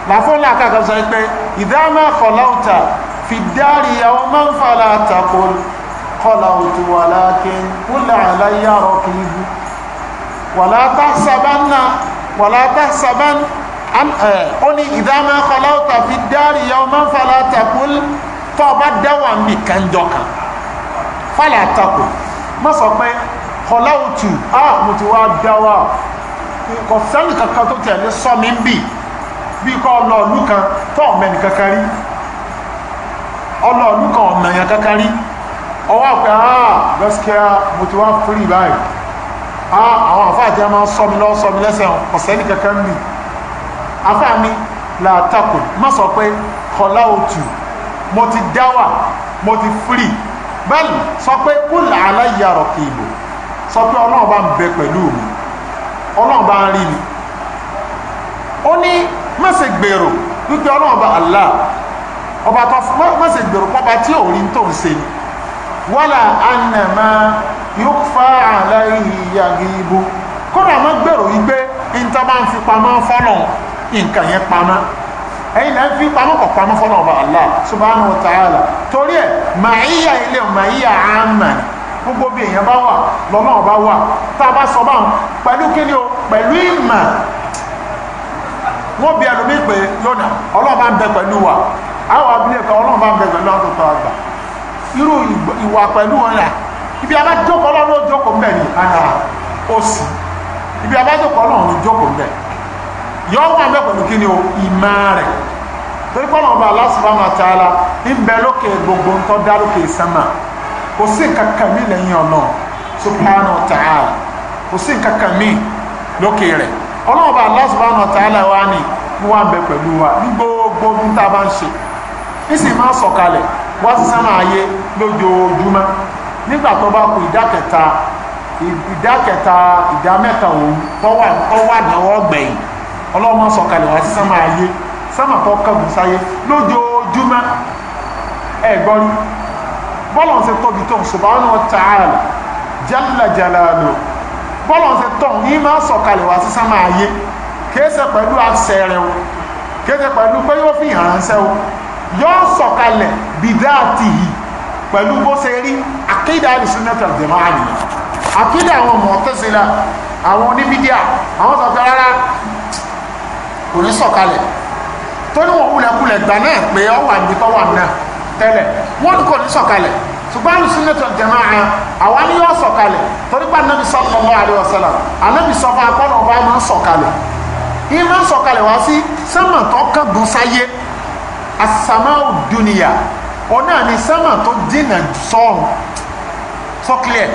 làfọ́nlá àkàkọ́ sọ pé ìdámà kọ̀láùtà fi dárì àwọn máa ń fara àtàkò kọ̀láùtù wà láàkín kúlẹ̀ àláyà rọ̀kì ibu wàlátà sàbánà wàlátà sàbán ó ní ìdámà kọ̀láùtà fi dárì àwọn máa ń fara àtàkò tọ́ ọba dáwà ń kan fara àtàkò mọ́ sọ pé kọláwùtù á ah, mo ti wá dá wà kò sẹ́ni kankan tó tẹ̀lé sọ mi ń bì bí kọ́ ọlọ́ọ̀lú kan tó ọ̀mẹ́ni kankan rí ọlọ́ọ̀lú kan ọ̀mẹ́yàn kankan ọwọ́ pé àà ah, gaskiya mo ti wá báyìí àà ah, àwọn àfáàtí a máa sọmi lọ sọmi lẹ́sẹ̀ ọ̀sẹ́ni kankan mi afáà mi làtàkù má sọ pé kọlá òtù mo ti dáwà mo ti sọ pé ọlọ́run bá ń bẹ pẹ̀lú mi ọlọ́run bá ń rí mi ó ní má ṣe gbèrò wípé ọlọ́run bá Allah ọba tó má ṣe gbèrò pọ́ba tí ò rí tó ń ṣe ni wala anama yukfa alayhi yagibu kódà má gbèrò wípé níta máa ń fi pamọ́ fọ́nà nǹkan yẹn pamọ́ ẹ̀yin náà ń fi pamọ́ kọ̀ pamọ́ fọ́nà ọba Allah subhanahu wa ta'ala torí ẹ̀ màáyà ilé màáyà àmà gbogbo bí èèyàn bá wà lọ́nà ọba wà tá a bá sọ bá pẹ̀lú kíni o pẹ̀lú ìmọ̀ wọ́n bí ẹlòmí pé lónà ọlọ́ọ̀bá ń bẹ pẹ̀lú wa àwọn abúlé kan ọlọ́ọ̀bá ń bẹ pẹ̀lú ọdún tó àgbà irú ìwà pẹ̀lú wọn là ibi abájókòó ọlọ́run ó jókòó mbẹ̀ ní àná òsì ibi abájókòó ọlọ́run ó jókòó mbẹ̀ yọ wọn bẹ pẹ̀lú kíni o ìmọ̀ rẹ̀ torí pọ́nà ọba Allah subhanahu wa ta'ala ń bẹ lókè gbogbo ń tọ́ dá lókè sánmà kò sí nǹkan kan mí lẹ́yìn ọ̀nà subhanahu wa ta'ala kò sí nǹkan kan mí lókè rẹ̀ ọlọ́run bá Allah subhanahu wa ta'ala wa ni wọ́n wá ń bẹ pẹ̀lú wa ní gbogbo bí tá a bá ń ṣe ìsìn máa ń sọ̀kalẹ̀ wá sí sánà ayé lójoojúmọ́ nígbà tó bá kù ìdá kẹta ìdá kẹta ìdá mẹ́ta òun tó wà náwó gbẹ̀yìn ọlọ́run máa ń sọ̀kalẹ̀ wá sí sánà ayé sánà tó kẹ́gùn sáyé lójoojúmọ́ ẹ̀ gbọ́rí bọ́lọ̀n ṣe tóbi tó subhanahu wa ta'ala jalla jalaluhu bọ́lọ̀n ṣe tó ní máa sọ̀kalẹ̀ wá sí sámà ayé kéèsẹ̀ pẹ̀lú àṣẹ rẹ̀ o kéèsẹ̀ pẹ̀lú pé yóò fi hàn ránṣẹ́ o yóò sọ̀kalẹ̀ bidatihi pẹ̀lú bó ṣe rí àkídà al-sunnah al-jama'ah nìyẹn àkídà àwọn Mu'tazila àwọn oníbídíà àwọn sọ̀kẹ́ rárá kò ní sọ̀kalẹ̀ tó ní wọn kúlẹ̀kúlẹ̀ gbà náà pé ọ wà níbi tó wà tẹ́lẹ̀ wọ́n ní kò ní sọ̀kalẹ̀ ṣùgbọ́n alùsùnà tó jẹ̀mọ́ ẹ̀ àwọn ni yóò sọ̀kalẹ̀ torí pé anabi sallallahu alaihi wasallam anabi sọ̀fọ̀ akọ́nà ọba máa ń sọ̀kalẹ̀ yìí máa ń sọ̀kalẹ̀ wá sí sẹ́mà tó kàn gùn sáyé asàmáwò dúnìyà ọ̀nà ni sẹ́mà tó dínà sọ́ọ̀rùn sọ́kìlẹ̀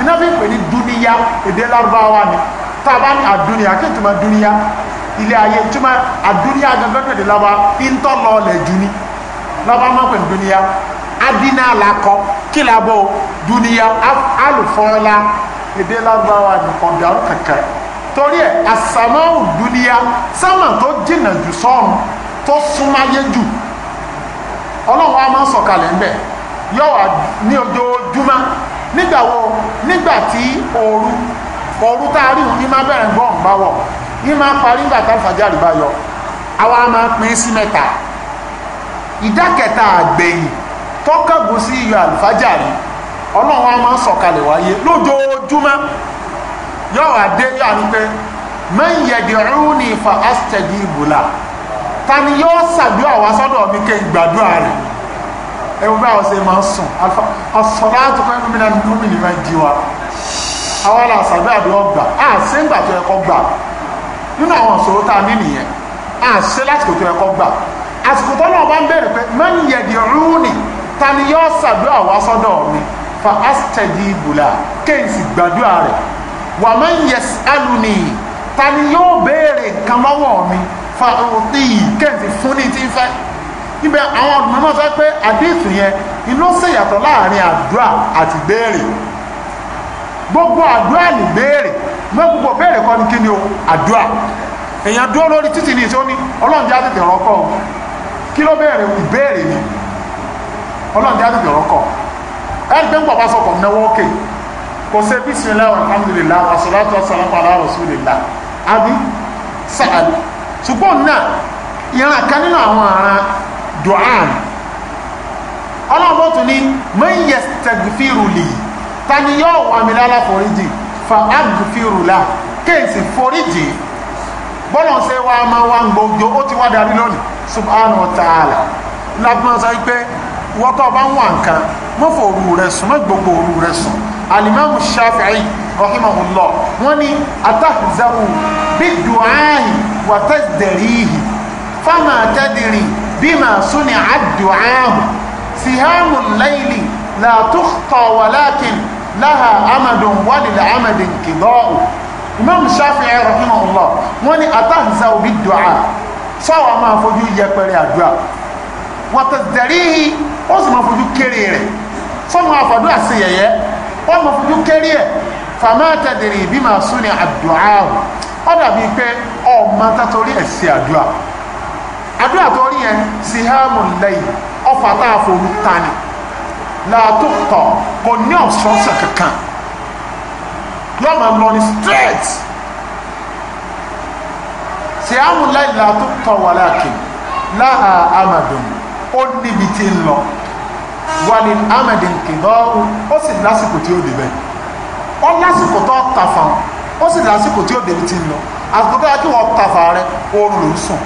iná fi ń pè ní dúníyà èdè lárúbáwá ni tá a bá ní àdúnìyà kí n tó máa dúníyà ilé ayé tó máa àdúnìyà gangan tó dé lábá ń tọ́ lọ ọ̀lẹ̀ jù ni lọ́ba máa pẹ̀lú dúníyà adínà làkọ kí làbọ̀ dúníyà alùfọ́nlá èdè lágbára nìkan dàrú kẹ̀kẹ́ torí ẹ̀ àsàmáwù dúníyà sámà tó jìnà jù sọ́run tó súnmáyé jù ọlọ́run a máa sọ̀kalẹ̀ ń bẹ̀ yọ̀wà ní ojoojúmọ́ nígbàwo nígbàtí ooru ooru tá a rí òun ní máa bẹ̀rẹ̀ gbọ́n bá wọ̀ ní máa parí nígbà tá a fàjà rí bá yọ àwa máa pín sí mẹ́ta ìdá kẹta àgbẹ̀yìn tọ́kàgùn sí iyọ̀ àlùfájàrí ọlọ́run a máa ń sọ̀kalẹ̀ wáyé lójoojúmọ́ yóò wá dé yóò ní pé man yad'uni fa astajibu la ta ni yóò ṣàdúrà wá sọ́dọ̀ mi kẹ́ ìgbàdúrà rẹ̀ ẹ̀rù bá ọ̀sẹ̀ máa ń sùn àsọ̀rọ̀ àtúkọ́ ẹ̀rù mi náà nínú mi nìyẹn di wa àwọn aláṣàdúrà bí wọ́n gbà á ṣe ń gbà tó yẹ kó gbà nínú àwọn ìṣòro tá a ní nìyẹn á ṣe lásìkò tó yẹ kó gbà àsìkò tó náà bá ń bèèrè pé man yad'uni ta ni yóò ṣàdúrà wá sọ́dọ̀ mi fa astajibu la kéǹsì gbàdúrà rẹ̀ wa man yas'aluni ta ni yóò béèrè nǹkan lọ́wọ́ mi fa òtíyì kéǹsì fún ní ti fẹ́ ibẹ̀ àwọn ọ̀dùnmọ́ náà sọ pé àdéhùn yẹn iná ṣèyàtọ̀ láàrin àdúrà àti béèrè gbogbo àdúrà ní béèrè mọ́ gbogbo béèrè kọ́ ni kí ni o àdúrà èèyàn dúró lórí títì ní ìṣó ní ọlọ́run jẹ́ àtètè rọ́kọ́ kí ló bẹ̀rẹ̀ ìbéèrè ni ọlọ́run jáde bẹ̀rọ kọ̀ ẹgbẹ́ ń pàpá sọkọ̀ náwó òkè kò ṣe bismillah alhamdulillah wassalatu wassalamu ala rasulillah àbí sàálù ṣùgbọ́n náà ìran kan nínú àwọn àran duan ọlọ́run tún ní man yastaghfiru li ta ni yóò wà mí lálàforíjì fa aghfiru la kéèsì foríjì bọ́lọ̀ ṣe wá máa wá gbogbo ó ti wá darí lónìí subhanahu wa ta'ala lágbọ́n sọ pé wọ́tọ̀ bá ń wà nǹkan mọ́fọ̀ òru rẹ̀ sùn mọ́ gbogbo òru rẹ̀ sùn alimamu shafi'i rahimahullah wọ́n ní atahzaru bidu'ai wa tazdarihi fama tadiri bima suni addu'ahu sihamun layli la tukhta walakin laha amadun walil amadin kidau imam shafi'i rahimahullah wọ́n ní atahza obi du'a sáwọn máa fojú yẹpẹrẹ àdúrà wàtẹ̀dẹ̀rí ó sì máa fojú kéré rẹ̀ fọ́mọ àfàdúrà sí yẹ̀yẹ́ ó máa fojú kéré ẹ̀ fàmátẹ̀dẹ̀rí bí máa sún ní àdúrà ó dàbí pé ọmọ tátorí ẹ̀ sí àdúrà àdúrà tó rí yẹn sihamu lẹ́yìn ọfà táà forú tani làtúntọ̀ kò ní ọ̀ṣọ́ṣà kankan yóò máa lọ ní straight ṣe àmúláì látó tọ̀ wà láàkì láà amadun ó níbi tí ń lọ wàlí amadun kìdọ́rù ó sì lásìkò tí ó débẹ̀ ó lásìkò tó tàfà ó sì lásìkò tí ó débi tí ń lọ àsìkò tó yẹ kí wọ́n tàfà rẹ oorun ló ń sùn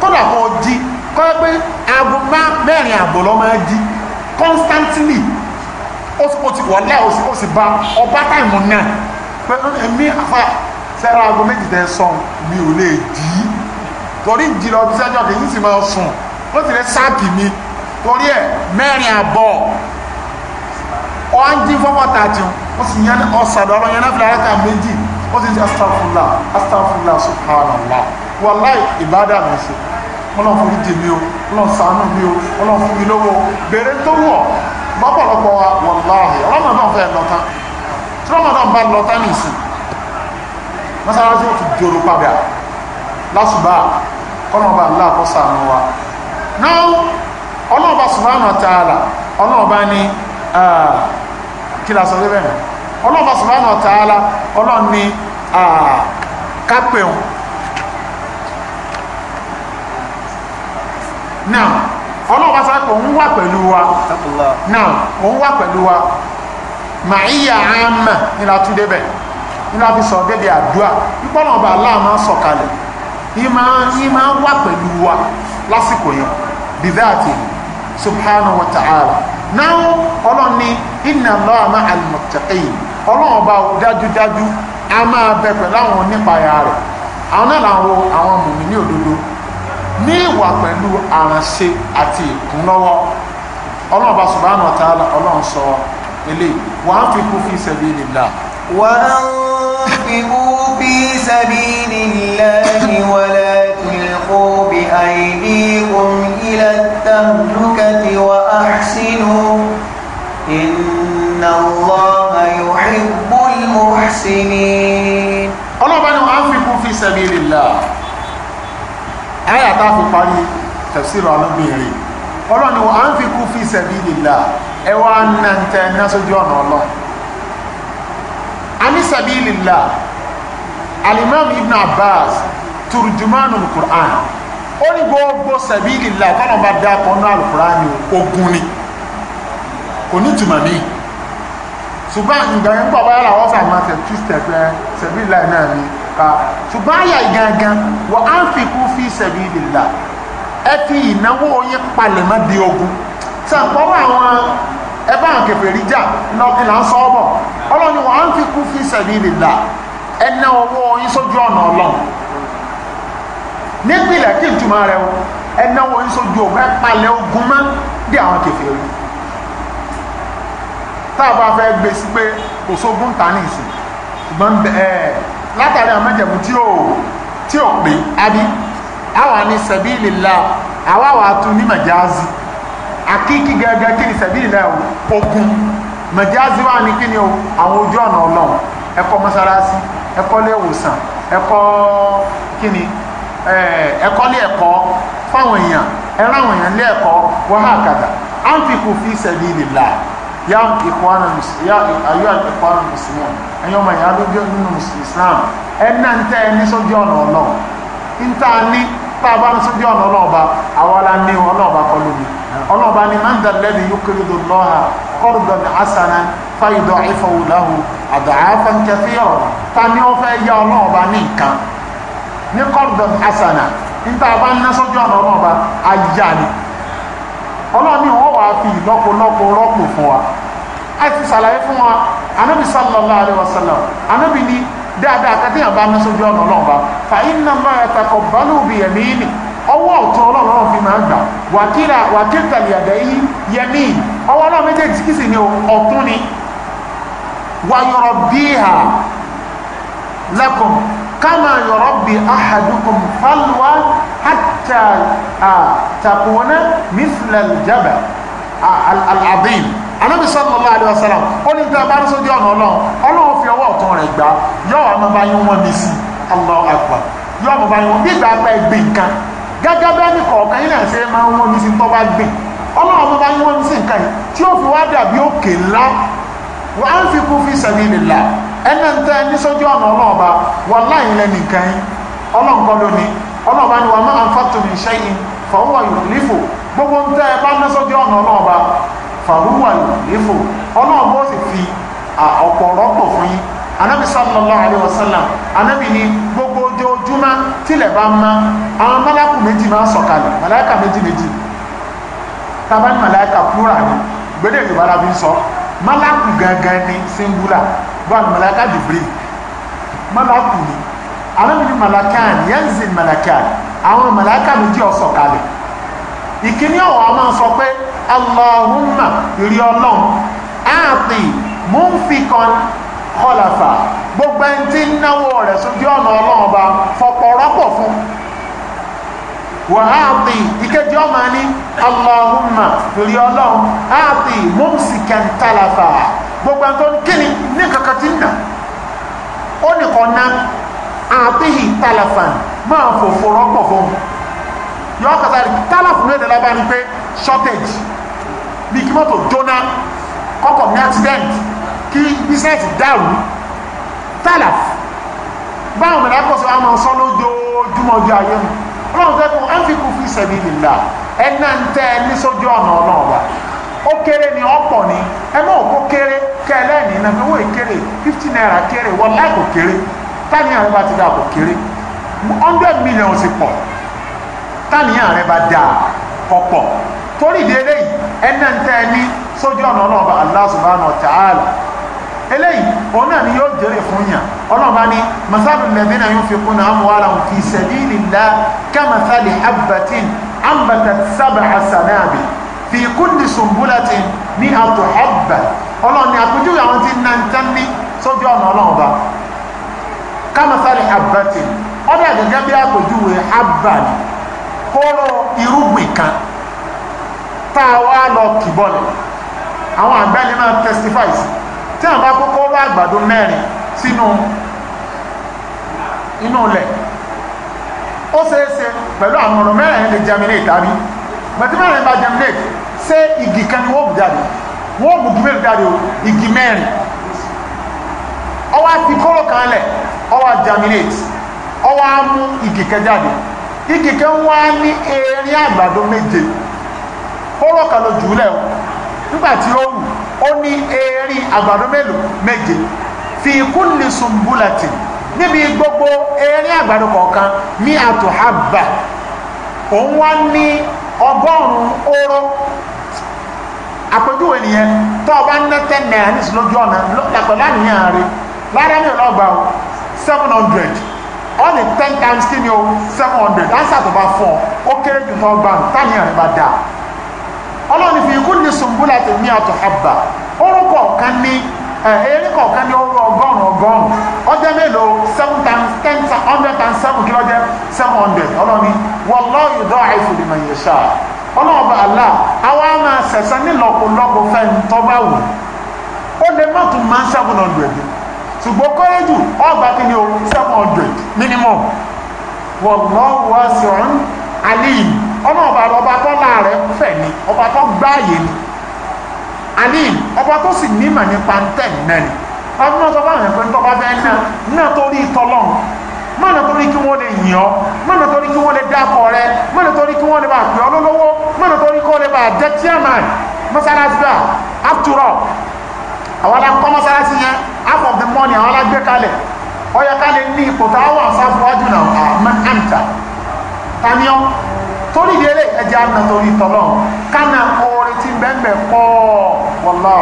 kódà kan jí kọ́ pé aago mẹ́rin àbọ̀ lọ́ máa jí constantly ó sì ti wà náà ó sì bá ọba táìmù náà pé ẹ̀mí àfa sẹ́ra aago méjì tẹ́ sọ̀n mi ò lè dì í torí ìjìnlẹ̀ ọdún sẹ́jọ́ kì í sì máa sùn ó sì lè sáàpì mi torí ẹ̀ mẹ́rin àbọ̀ ọ́njí fọ́fọ́ tààtì ó sì yẹn ọ̀sàdọ̀ ọ̀rọ̀ yẹn náà fi àrẹ́kà méjì ó sì ń ṣe astagfirullah astagfirullah subhanallah wàláì ìbádà mi ṣe ọlọ́run forí jì mí o ọlọ́run ṣàánú mi o ọlọ́run fún mi lówó bèrè tó wọ̀ lọ́pọ̀lọpọ̀ wa wọ̀láhì ramadan fẹ́ lọ́ta tí ramadan bá lọ́ta ní ìsìn mọ́sánásí ó ti jòrò padà lásùbá kọ́nàbà aláàkọ́sà àmú wa náà ọlọ́ọ̀bá subhanahu wa ta'ala ọlọ́ọ̀bá ní kílàsọ̀ lébẹ̀ ọlọ́ọ̀bá subhanahu wa ta'ala ọlọ́ọ̀ni kápẹ̀hùn náà ọlọ́run bá sọ pé òun wà pẹ̀lú wa náà òun wà pẹ̀lú wa màáyà àmà nílá tún débẹ̀ nílá fi sọ débi àdúrà ìpọ́nà ọba aláàmà sọ̀kalẹ̀ ìmá wà pẹ̀lú wa lásìkò yẹn bìdáàtì subhanahu wa ta'ala náà ọlọ́run ní inna Allaha ma'al muttaqin ọlọ́run ọba dájúdájú a máa bẹ pẹ̀lú àwọn onípa ara rẹ̀ àwọn náà làwọn àwọn mùmí ní ní ìwà pẹ̀lú àrànṣe àti ìkúnlọ́wọ́ ọlọ́run bá subhanahu wa ta'ala ọlọ́run sọ eléyìí wa anfiqu fi sabilillah. wa anfiqu fi sabilillah. parí tafsir alábìnrin ọlọ́ni wa anfiqu fi sabilillah ẹ wá ná ń tẹ ná sójú ọ̀nà ọlọ́run ani sabilillah alimam ibn abbas turjumanu alukur'an ó ní gbogbo sabilillah kọ́nà bá dá kọ́nà alukur'an ni ogun ni kò ní tùmọ̀ mí ṣùgbọ́n ìgbà yẹn ń pọ̀ báyà làwọn fà tẹ̀ twist ẹ̀ pẹ́ náà ni ká ṣùgbọ́n àyà gangan wa anfiqu fi sabilillah ẹ fi ìnáwó yín palẹ̀ mọ́ di ogun sàǹpọ̀wọ́ àwọn ẹbá àwọn kèfèrí jà ìlà ń sọ ọ́bọ̀ ọlọ́ni wa anfiqu fi sabilillah ẹ ná owó yín sójú ọ̀nà ọlọ́run nípìnlẹ̀ kí n túmọ̀ rẹ o ẹnáwó yín sójú òun ẹ palẹ̀ ogun mọ́ dé àwọn kẹfẹ́ rí tá a bá fẹ́ gbé sí pé kò sógun ta ní ìsìn ṣùgbọ́n ẹ látàrí àmọ́jẹ̀mú tí ò tí ò pé àbí àwa ni sabilillah àwa wà á tún ní màjáàzì àkíkí gẹ́gẹ́ kí ni sabilillah ogun màjáàzì wà ní kí ni o àwọn ojú ọ̀nà ọlọ́run ẹ̀kọ́ mọ́sálásí ẹ̀kọ́ léwòsàn ẹ̀kọ́ kí ni eh, ẹ̀kọ́ lé ẹ̀kọ́ fáwọn èèyàn ẹ̀ráwọn èèyàn lé ẹ̀kọ́ wọ́n hà kàdà anfiqu fi sabilillah ya ikhwana ya ayu al ikhwana muslimin ẹ̀yin ọmọ ìyá ló jẹ́ nínú islam ẹ̀nà ń tẹ́ ẹni sójú ọ̀nà ọlọ́run ń tà ní tá a bá ń sójú ọ̀nà ọlọ́ọ̀ba àwa la ní ọlọ́ọ̀ba kọlu mi ọlọ́ọ̀ba ni man dal ladhi yuqridu Allaha qardan hasanan fayud'ifahu lahu ad'afan kathira ta ni ó fẹ́ yá ọlọ́ọ̀ba ní nǹkan ní qardan hasanan ń tà a bá ń ná sójú ọ̀nà ọlọ́ọ̀ba ọlọ́ọ̀ni wọ́n wà fi ìlọ́pọ̀lọpọ̀ rọ́pò fún wa a ti sàlàyé fún wa anábì sallallahu alaihi wasallam anábì ni dáadáa kàtíyàn bá mẹ́sọ́jú ọ̀nà ọlọ́ọ̀bá fa inna ma yataqabbalu bi yamini ọwọ́ ọ̀tún ọlọ́run fi máa gbà wàkílà wàkíkàlì àdá yìí yẹmí ọwọ́ ọlọ́run méjèèjì kì sí ni ọ̀tún ni wàyọ̀rọ̀ bí ha lakum kama yọ̀rọ̀ bí ahadukum falwa حتى takuna mithla aljabal al'adhim anábì sallallahu alaihi wasallam ó ní tẹ́ bá ń sójú ọ̀nà ọlọ́run ọlọ́run fi ọwọ́ ọ̀tún rẹ̀ gbá yọ́ àmọ́ bá yín wọ́n mi sí Allahu akbar yọ́ àmọ́ bá yín wọ́n bí ìgbà apá ẹgbẹ́ nǹkan gẹ́gẹ́ bẹ́ẹ̀ ní kọ̀ọ̀kan yín náà ṣe máa ń wọ́n mi sí tó bá gbìn ọlọ́run àmọ́ bá yín wọ́n mi sí nǹkan yìí tí ó fi wá dàbí òkè ńlá wa anfiqu fi sabilillah ẹnẹ́ ń tẹ́ ní sójú ọ̀nà ọlọ́run ọba láyìn lẹ́nìkan yín ọlọ́run kọ́ lónìí ọlọ́ọ̀bá ni wà máa ń fàtùmí iṣẹ́ yìí fàwọ́ yòlífò gbogbo ń tẹ́ ẹ bá ná sójú ọ̀nà ọlọ́ọ̀bá fàwọ́ yòlífò ọlọ́ọ̀bá ó sì fi ọ̀pọ̀ rọ́pò fún yín anábì sallallahu alaihi wasallam anábì ni gbogbo ojoojúmọ́ tílẹ̀ bá ń má àwọn mọ́lákù méjì máa ń sọ̀kalẹ̀ màláìkà méjì méjì tàbá ní màláìkà plural ni gbédè yorùbá la fi ń sọ mọ́lákù gangan ni singular bọ́ọ̀lù màláìkà dìbrí mọ́lákù ni arábìnrin malakan yanzil malakan àwọn malaka méjì ọ̀sọ̀ kalẹ̀ ìkíní ọ̀wọ̀ a máa sọ pé allahumma ìrí ọlọ́run àti múnfikàn kọlàfà gbogbo ẹni tí ń náwó rẹ̀ sójú ọ̀nà ọlọ́run ọba fọpọ̀ rọ́pọ̀ fún wà áàtì ìkejì ọmọ ní allahumma ìrí ọlọ́run àti múnsikàn tálàfà gbogbo ẹni tó ní kíni ní kankan tí ń nà ó nìkan náà àtẹ́hì tálàfàn máa fòfò rọ́pọ̀ fún yọ́ kàtàrí tálàfù ní ẹ̀dẹ̀lábá ní pé shortage bí kí mọ́tò jóná kọ́kọ̀ ní accident kí business dàrú tálàfù báwọn mẹ́rin akọ́sọ àwọn ọmọ sọ́lọ́ ojoojúmọ́ ọjọ́ ayé mu ọlọ́run tẹ́ fún ánfíkù fi sẹ̀mí lìlá ẹ̀nà ń tẹ́ ẹ ní sójú ọ̀nà ọlọ́ọ̀bà ó kéré ni ọ̀pọ̀ ni ẹ mọ̀ òkú kéré kẹlẹ́ẹ̀ni nàfẹ́wọ́ ìkéré fifty naira kéré wọ́n láì kò kéré táníyàn rẹ bá ti dà kò kéré hundred million sì pọ̀ táníyàn rẹ bá dà kò pọ̀ torí ìdí eléyìí ẹnà ń tẹ́ ẹ ní sójú ọ̀nà ọlọ́ọ̀bá Allah subhanahu wa ta'ala eléyìí òun náà ni yóò jèrè fún yàn ọlọ́ọ̀bá ni masalu lẹ́dínà yunfiquna amwalahum fi sabilillah kamathali habbatin ambatat sab'a sanabil fi kulli sunbulatin mi'atu habba ọlọ́ọ̀ni àpèjúwe àwọn tí ń ní sójú ọ̀nà ọlọ́ọ̀bá kámasárì abati ọdún àgẹgẹ bí àpèjúwe abali kóró irúgbìn kan tá a wá lọ kìbọlẹ àwọn àgbẹni máa testify tí a bá kókó rọ àgbàdo mẹ́rin sínú inú ilẹ̀ ó ṣeéṣe pẹ̀lú àwọn ọ̀rọ̀ mẹ́rin lè germinate àbí igi kan ni bù jáde bù o igi àti kan ọwà germinate ọwà mú ìkìkẹ́ jáde ìkìkẹ́ wá ní erin àgbàdo méje kóró kan ló jùlẹ̀ o nígbàtí ó wù ó ní erin àgbàdo fi níbi gbogbo erin àgbàdo kọ̀ọ̀kan ní àtòhábà òun wá ní ọgọ́rùn-ún oró ọba ń nẹ́tẹ́ ọ̀nà lọ́pẹ̀lá rẹ̀ lára mi seven hundred wọ́n ten times kí ni o seven hundred ansa about bá fún ọ ó kéré jù tó gbà ní táyà rẹ̀ bá dà ọlọ́run fi ikú ní sùnbúlà tó ní àtọ̀ àbà orúkọ kan ní eré kọ̀ọ̀kan ní orú ọgọ́rùn-ún ọgọ́rùn-ún ọjọ́ mélòó seven times ten hundred times seven kí lọ́jọ́ seven hundred ọlọ́run wallahu yudha'ifu liman yasha ọlọ́run bá àlá àwa máa ṣẹ̀ṣẹ̀ nílọ́kùnlọ́kùn fẹ́ ń tọ́ bá wù ó lè má tún máa seven hundred ṣùgbọ́n kọ́lé jù ọgbà kí ni o seven hundred minimum wallahu wasi'un alim ọmọ ọba ọba tọ́lá rẹ̀ fẹ̀ ni ọba tó gbáàyè ni alim ọba tó sì nímọ̀ nípa tẹ̀ náà ni ọdún ọjọ́ bá rẹ̀ pé tọ́ba bẹ́ẹ̀ náà náà torí tọ́lọ́n mọ́nà torí kí wọ́n lè yìn ọ́ mọ́nà torí kí wọ́n lè dákọ̀ rẹ mọ́nà torí kí wọ́n lè bá pè ọ́ lọ́lọ́wọ́ mọ́nà torí kí wọ́n lè bá jẹ́ chairman mọ́sálásí bá after all àwọn alákọ́ mọ́sálásí yẹn mọ́ ni àwọn alágbé kalẹ̀ ó yẹ ká lè ní ipò táwọn àsáfúwájú náà àmàǹtà taniọ́ torí ìdílé ẹjẹ́ àná torí tọ́lọ́ kánà oore ti bẹ́ẹ̀ pọ̀ wọ́lá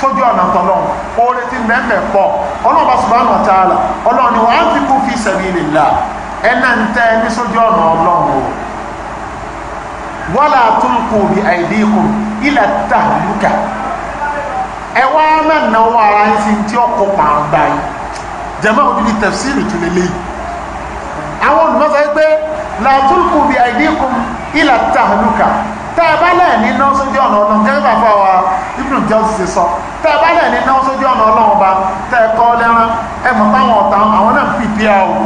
sójú ọ̀nà tọ́lọ́ oore ti bẹ́ẹ̀ pọ̀ ọlọ́ọ̀bá subhanahu wa ta'ala ọlọ́ọ̀ni wọ́n á ti kú fi sabilillah wala tulqu bi aydikum ila ẹ wá mẹ́rin ọwọ́ ara yín sí tí ọkọ̀ pàǹdà yìí jẹ́mọ́ òbí tẹ̀síìrì tún lè léyìí àwọn olùmọ́sọ wípé làtúrkù bí àìdíkùn ilà tàhálùkà tá a bá lẹ̀ ní náà sójú ọ̀nà ọlọ́run jẹ́ bá fọ́ wa ibùdó jọ́sì ṣe sọ tá a bá lẹ̀ ní náà sójú ọ̀nà ọlọ́run ọba tẹ́ ẹ kọ́ lẹ́ran ẹ mọ̀ báwọn ọ̀tá àwọn náà pìpì à o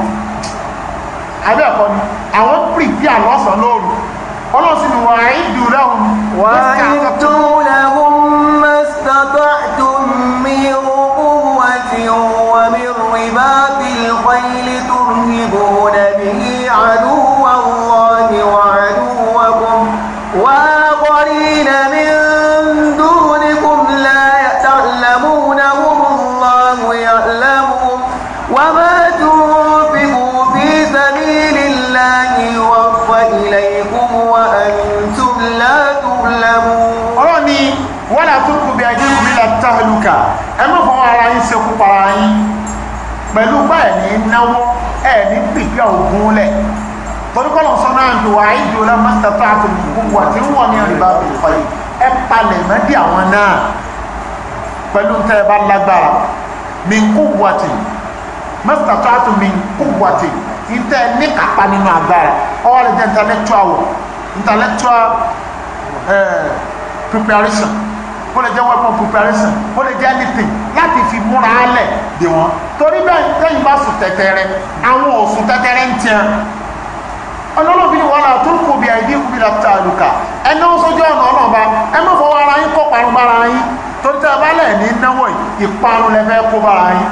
abẹ́ ẹ̀kọ́ ni àwọn pìpì à lọ́sàn-án lóru ọlọ́sìn wàá ìdúrà òun wàá ìdúrà òun يَعْلَمُونَ gúnlẹ̀ torípọ́lọ̀ sọ́nà àdùwà ìjọra mọ́tàtà àtùmùkúwà tí wọ́n ní àríbá òfàyè ẹ palẹ̀ mẹ́dí àwọn náà pẹ̀lú tẹ́ ẹ bá lágbára mìkúwàtì mọ́tàtà àtùmùkúwàtì ìtẹ́ ní kápá nínú agbára ọwọ́ lè jẹ́ intellectual intellectual preparation ó lè jẹ́ weapon preparation ó lè jẹ́ anything láti fi múra álẹ̀ dè wọ́n torí bẹ́ẹ̀ tẹ́yìn bá sùn tẹ̀tẹ̀rẹ̀ àwọn òsùn tẹ̀tẹ̀rẹ̀ ń tiẹ̀ ọlọ́lọ́bí ni wọ́n là tó kò bí àìdí kú bí lápútà àlùkà ẹni ó sójú ọ̀nà ọlọ́ba ẹ má fọwọ́ ara yín kọ́ parun bára yín torí tẹ́ ẹ bá lẹ̀ ní náwó ìparun lẹ kó bára yín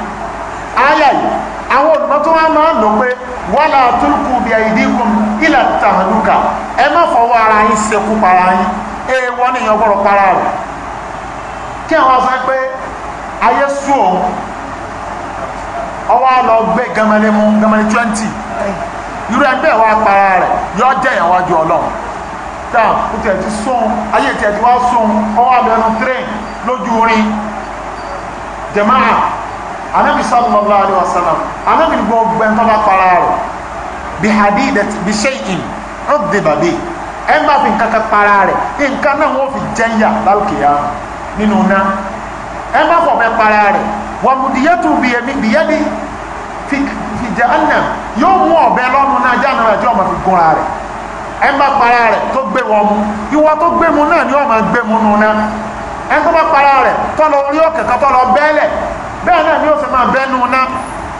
àwọn máa ń lò pé ẹ fọwọ́ ara yín yín gbọ́dọ̀ para rẹ̀ kí ọwọ́ lọ gbé gamale mu gamale twenty irú ẹgbẹ́ wa para rẹ̀ yọ jẹ́ ìyàwájú ọlọ́run tá o tẹ̀ ti sún ayé tẹ̀ ti wá sún ọwọ́ abẹnú train lójú orin jẹ̀máà anabi sallallahu alayhi wa sallam anabi gbogbo ẹni tó bá para rẹ̀ bí hadidati bí shay'in ọ̀dẹ̀ bàbí ẹ má fi nǹkan kan para rẹ̀ nǹkan náà wọ́n fi jẹ́ yà lálùkìyà nínú náà ẹ má fọ̀ bẹ́ẹ̀ para rẹ̀ wà mùdíyẹ́tù bìyẹ́lì fìjà ànà yóò mú ọ̀bẹ lọ́nu náà jáde náà tí ọmọ fi gúnra rẹ̀ ẹ má para rẹ̀ tó gbé wọn mú ìwọ tó gbé mu náà ni ọmọ gbé mu nù náà ẹ tó má para rẹ̀ tó lọ rí òkè kan tó lọ bẹ́ẹ̀lẹ̀ bẹ́ẹ̀ náà ni ó fi máa bẹ́ nu náà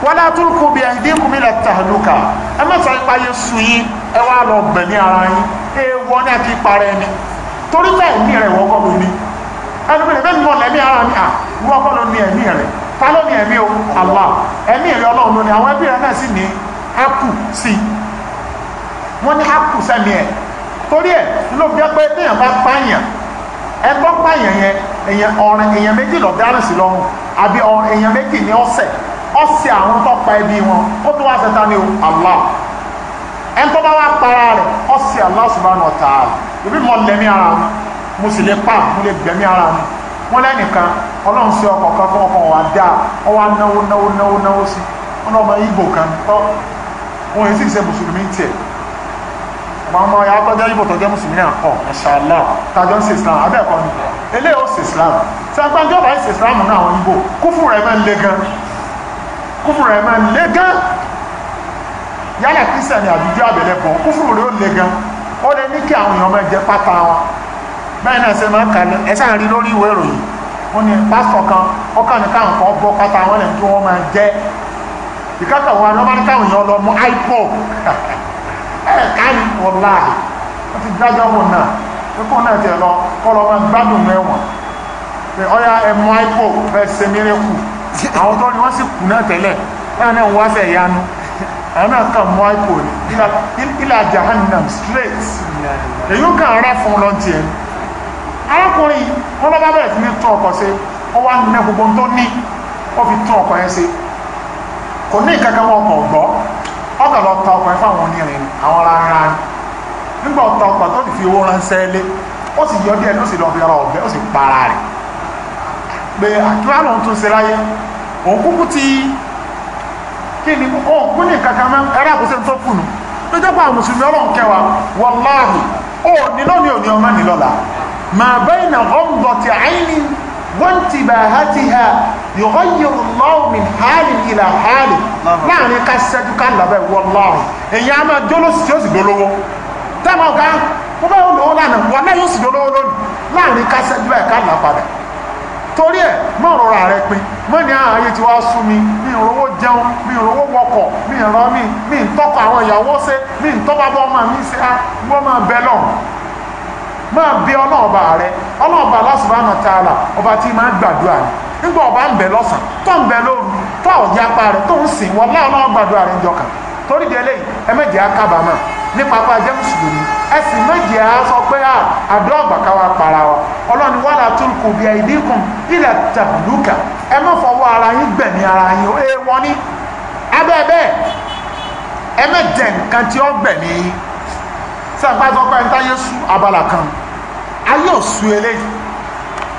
wọ́n á tún kú bí ẹ̀dín kú mi lẹ̀ tàlùkà ẹ má sọ ipa yẹn sùn yín ẹ wá lọ gbẹ̀mí ara yín èèwọ̀ náà kí para ẹni torí bẹ́ẹ̀ ní rẹ̀ wọ́n kọ́ ẹni mi lè mọ̀ lẹ́mí ara mi à wọ́n kọ́ ló ní rẹ̀ ta ni ní ẹ̀mí o Allah ẹ̀mí rẹ ọlọ́run ló ní àwọn ẹbí rẹ náà sì ní hakù sí wọ́n ní hakù sẹ́mi ẹ̀ torí ẹ̀ ló jẹ́ pé téèyàn bá pààyàn ẹgbọ́n pààyàn yẹn èèyàn ọ̀rìn èèyàn méjì lọ dárìn sí lọ́rùn àbí èèyàn méjì ní ọ̀sẹ̀ ọ̀sẹ̀ àwọn tó pa ẹbí wọn ó tó wá sẹta ní o Allah ẹni tó bá wá para rẹ̀ ọ̀sẹ̀ Allah subhanahu wa ta'ala ìbí mọ̀ lẹ́mí ara mi mo sì lè pa mo lè gbẹ̀mí ara mi wọ́n lẹ́nìkan ọlọrun sí ọkọ kan fún ọkọ̀ wà dáa ọ wá náwó náwó náwó náwó sí kan tọ́ wọn èyí sì ṣe mùsùlùmí tiẹ̀ àwọn ọmọ ya tọ́jọ́ ibo tọ́jọ́ mùsùlùmí náà kọ̀ ẹ̀ṣàlá tàjọ́ ń ṣe Islam abẹ́ẹ̀kọ́ ni eléyìí ó ṣe Islam Si ìṣe Islam náà àwọn kúfù máa ń le gan kúfù máa ń le gan yálà kristian kúfù ó le gan ó lè ní kí àwọn báyìí náà ṣe máa kà ní ẹ̀sà ń rí lórí ìwé ìròyìn wọ́n ní pásítọ̀ kan ó kàn ní káwọn kan bọ́ kátà wọn lẹ́nu tí wọ́n máa jẹ́ ìkákà wọn lọ́ máa ní káwọn èèyàn lọ mú ipod ẹ̀ káyìn wọn láàyè wọ́n ti dájọ́ wọn náà kíkọ́ náà tiẹ̀ lọ kọ́ lọ́ máa gbádùn mẹ́wọ̀n pé ọ̀yà ẹ̀ mú ipod fẹ́ ṣe méré kù àwọn tó ni wọ́n sì kù náà tẹ́lẹ̀ náà náà wọ́n straight èyí ó kàn rẹ́ fún arákùnrin wọn lọ́ba bẹ̀rẹ̀ sí ní tún ọkọ̀ ṣe ó wá nínú gbogbo tó ní ó fi tún ọkọ̀ yẹn ṣe kò ní Ọ wọn ọkọ̀ ọ̀gbọ́ ọkọ̀ lọ ta ọkọ̀ yẹn fáwọn onírin àwọn nígbà ọkọ̀ tó ti fi owó ránṣẹ́ lé ó sì yọ díẹ̀ ló sì lọ fi ara ó sì para rẹ̀ pé àkíwá tún ṣe láyé òun kúkú ti kí ni kú ما بين غمضة عين وانتباهتها يغير الله من حال إلى حال láàrin ká ṣẹ́jú ká làbẹ́ wọláhùn èyí a máa jóló sí yóò sì dolówó tẹ́mọ̀ ọ̀gá ó bá yóò lówó lánàá wà náà yóò sì dolówó lónìí láàrin ká ṣẹ́jú ẹ̀ ká là padà torí ẹ̀ mọ́ rọra rẹ pin mọ́ ní ààyè tí wàá sú mi mi ìrówó jẹun mi ìrówó wọkọ̀ mi ìrọ́ mi mi ìtọ́kọ̀ àwọn ìyàwó ṣe mi ìtọ́kọ̀ bọ́ ọmọ mi ṣe á wọ́n máa bẹ lọ́rùn máa bẹ ọlọ́ọ̀bà rẹ ọlọ́ọ̀bà Allah subhanahu ọba tí máa gbàdúrà rẹ nígbà ọba ń bẹ lọ́sàn tó ń bẹ lóru tó pa rẹ tó ń sìn wọn láwọn gbàdúrà rẹ jọkà torí di eléyìí ẹ mẹ́jẹ̀ á kábàámà nípa apá á sọ pé à àdó wa para wa ọlọ́ni wàlá ẹ má fọwọ́ ara yín gbẹ̀mí ara yín ẹ wọ́n sẹ́gbàtọ́ pẹ́ ntáyé abala kan ayé òsú eléyìí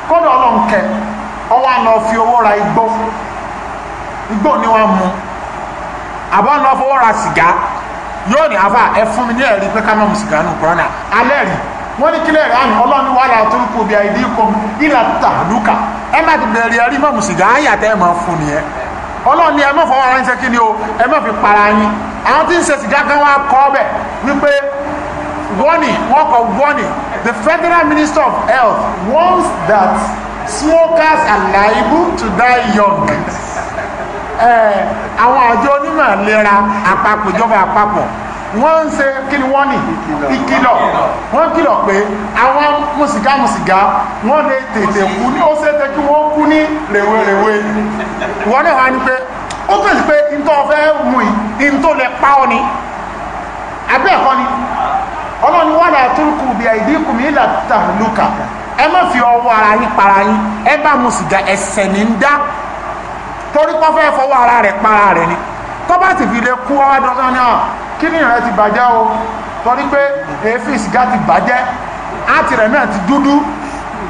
kọ́dọ̀ ọlọ́nkẹ ọwọ́ àná fi owó ra igbó igbó ni wọ́n mú àbọ̀ àná fowó ra sìgá yóò ní afa ẹ mi ní ẹ̀rí pé ká mu sìgá nù kúrọ́nà alẹ́ rí wọ́n ní kílẹ̀ rẹ̀ àmì ọlọ́ni wàhálà tó ń kó bí àìdí kọ́ ìlà tàlùkà ẹ má ti bẹ̀rẹ̀ mu sìgá máa fún ọlọ́ni ẹ má fọwọ́ ara ń ṣe kí ni o ẹ má para yín àwọn tí ń ṣe sìgá warning Walk of warning the federal minister of health warns that smokers are liable to die young eh, àwọn àjọ onímọ̀ ìlera àpapọ̀ ìjọba àpapọ̀ wọ́n ń ṣe kí ni wọ́n ní ìkìlọ̀ wọ́n kìlọ̀ pé àwọn mùsìgá mùsìgá wọ́n lè tètè kú ní ó ṣe tẹ́ kí wọ́n kú ní rèwerèwe wọ́n lè wá ní pé ó kèsì pé ntọ́ fẹ́ mú i ntọ́ lè pa ọ́ ni abẹ́ ẹ̀kọ́ ni ọlọ́ni wà láà tó kù bí àìdíkù mi ìlà tàlùkà ẹ má fi ọwọ́ ara yín para yín ẹ bá mu sìgá ẹsẹ̀ ní ń dá torí pọ́ fẹ́ fọwọ́ ara rẹ̀ para rẹ̀ ni tó bá ti fi lè kú ọwọ́ dandan náà ah, kí ni ìrìn ti bàjẹ́ o torí pé èéfín sìgá ti bàjẹ́ àti rẹ̀ náà ti dúdú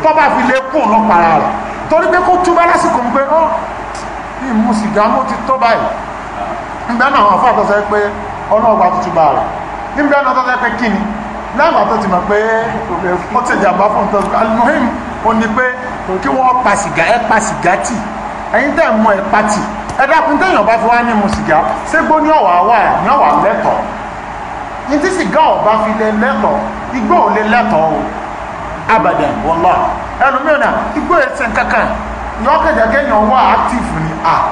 tó bá fi lè kú ọ̀nà para rẹ̀ torí pé kó túbọ̀ lásìkò pé ah, sìgá mo ti tó báyìí ń bẹ́ẹ̀ náà afọ àtọ́sẹ́ pé ọlọ́ọ̀gbà tuntun bá rẹ̀ níbi ẹ̀nà tó tẹ́pẹ́ kí ni láàmà tó ti mọ̀ pé ó ti jàmbá fún tó alimohim ó ní pé kí wọ́n pa sìgá ẹ pa sìgá tì ẹ̀yin tẹ́ mọ ẹ̀ pa tì ẹ dákun téèyàn bá fi wá ní mu sìgá ségbó ní ọ̀wà wà ní ọ̀wà lẹ́tọ̀ọ́ ní tí sìgá ọ̀bá fi lẹ lẹ́tọ̀ọ́ igbó ò lè lẹ́tọ̀ọ́ o abadan wallahi ẹlòmíràn igbó ẹsẹ̀ kankan yọ kẹjẹ kẹyàn wà active ni a. Ah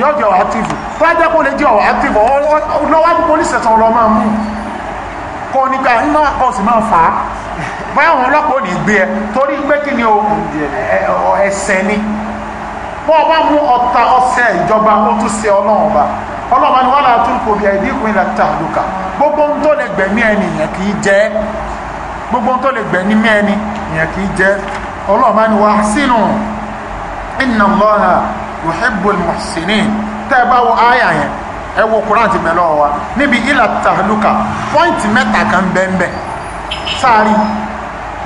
yóò jẹ́ ọ̀hátífù tó á jẹ́ kó lè jẹ́ ọ̀hátífù lọ́wọ́ polisi ẹ̀sán lọ máa mú kọ́ nípa iná kan sì máa fà á báyà wọn ọlọ́pàá ò ní gbé ẹ torí pé kí ni ẹsẹ̀ ni bọ́ ọ bá mú ọta ọsẹ ìjọba ó tún ṣe ọlọ́run ọba ọlọ́run ni wọ́n là tún kò bí ẹ̀dí ìpín ìlà tà lùkà gbogbo ohun tó lè gbẹ̀mí ẹni ìyẹn kì í jẹ́ gbogbo ohun tó lè gbẹ̀mí ẹni ìyẹn kì í jẹ́ ọlọ́run ni wà sínú ìnà yuhibbul muhsinin tẹ́ ẹ bá wo àyà yẹn ẹ wo Quran ti bẹ̀ lọ́wọ́ wa níbi ilà tàlùkà pọ́ìntì mẹ́ta kan bẹ́ẹ̀ sáárì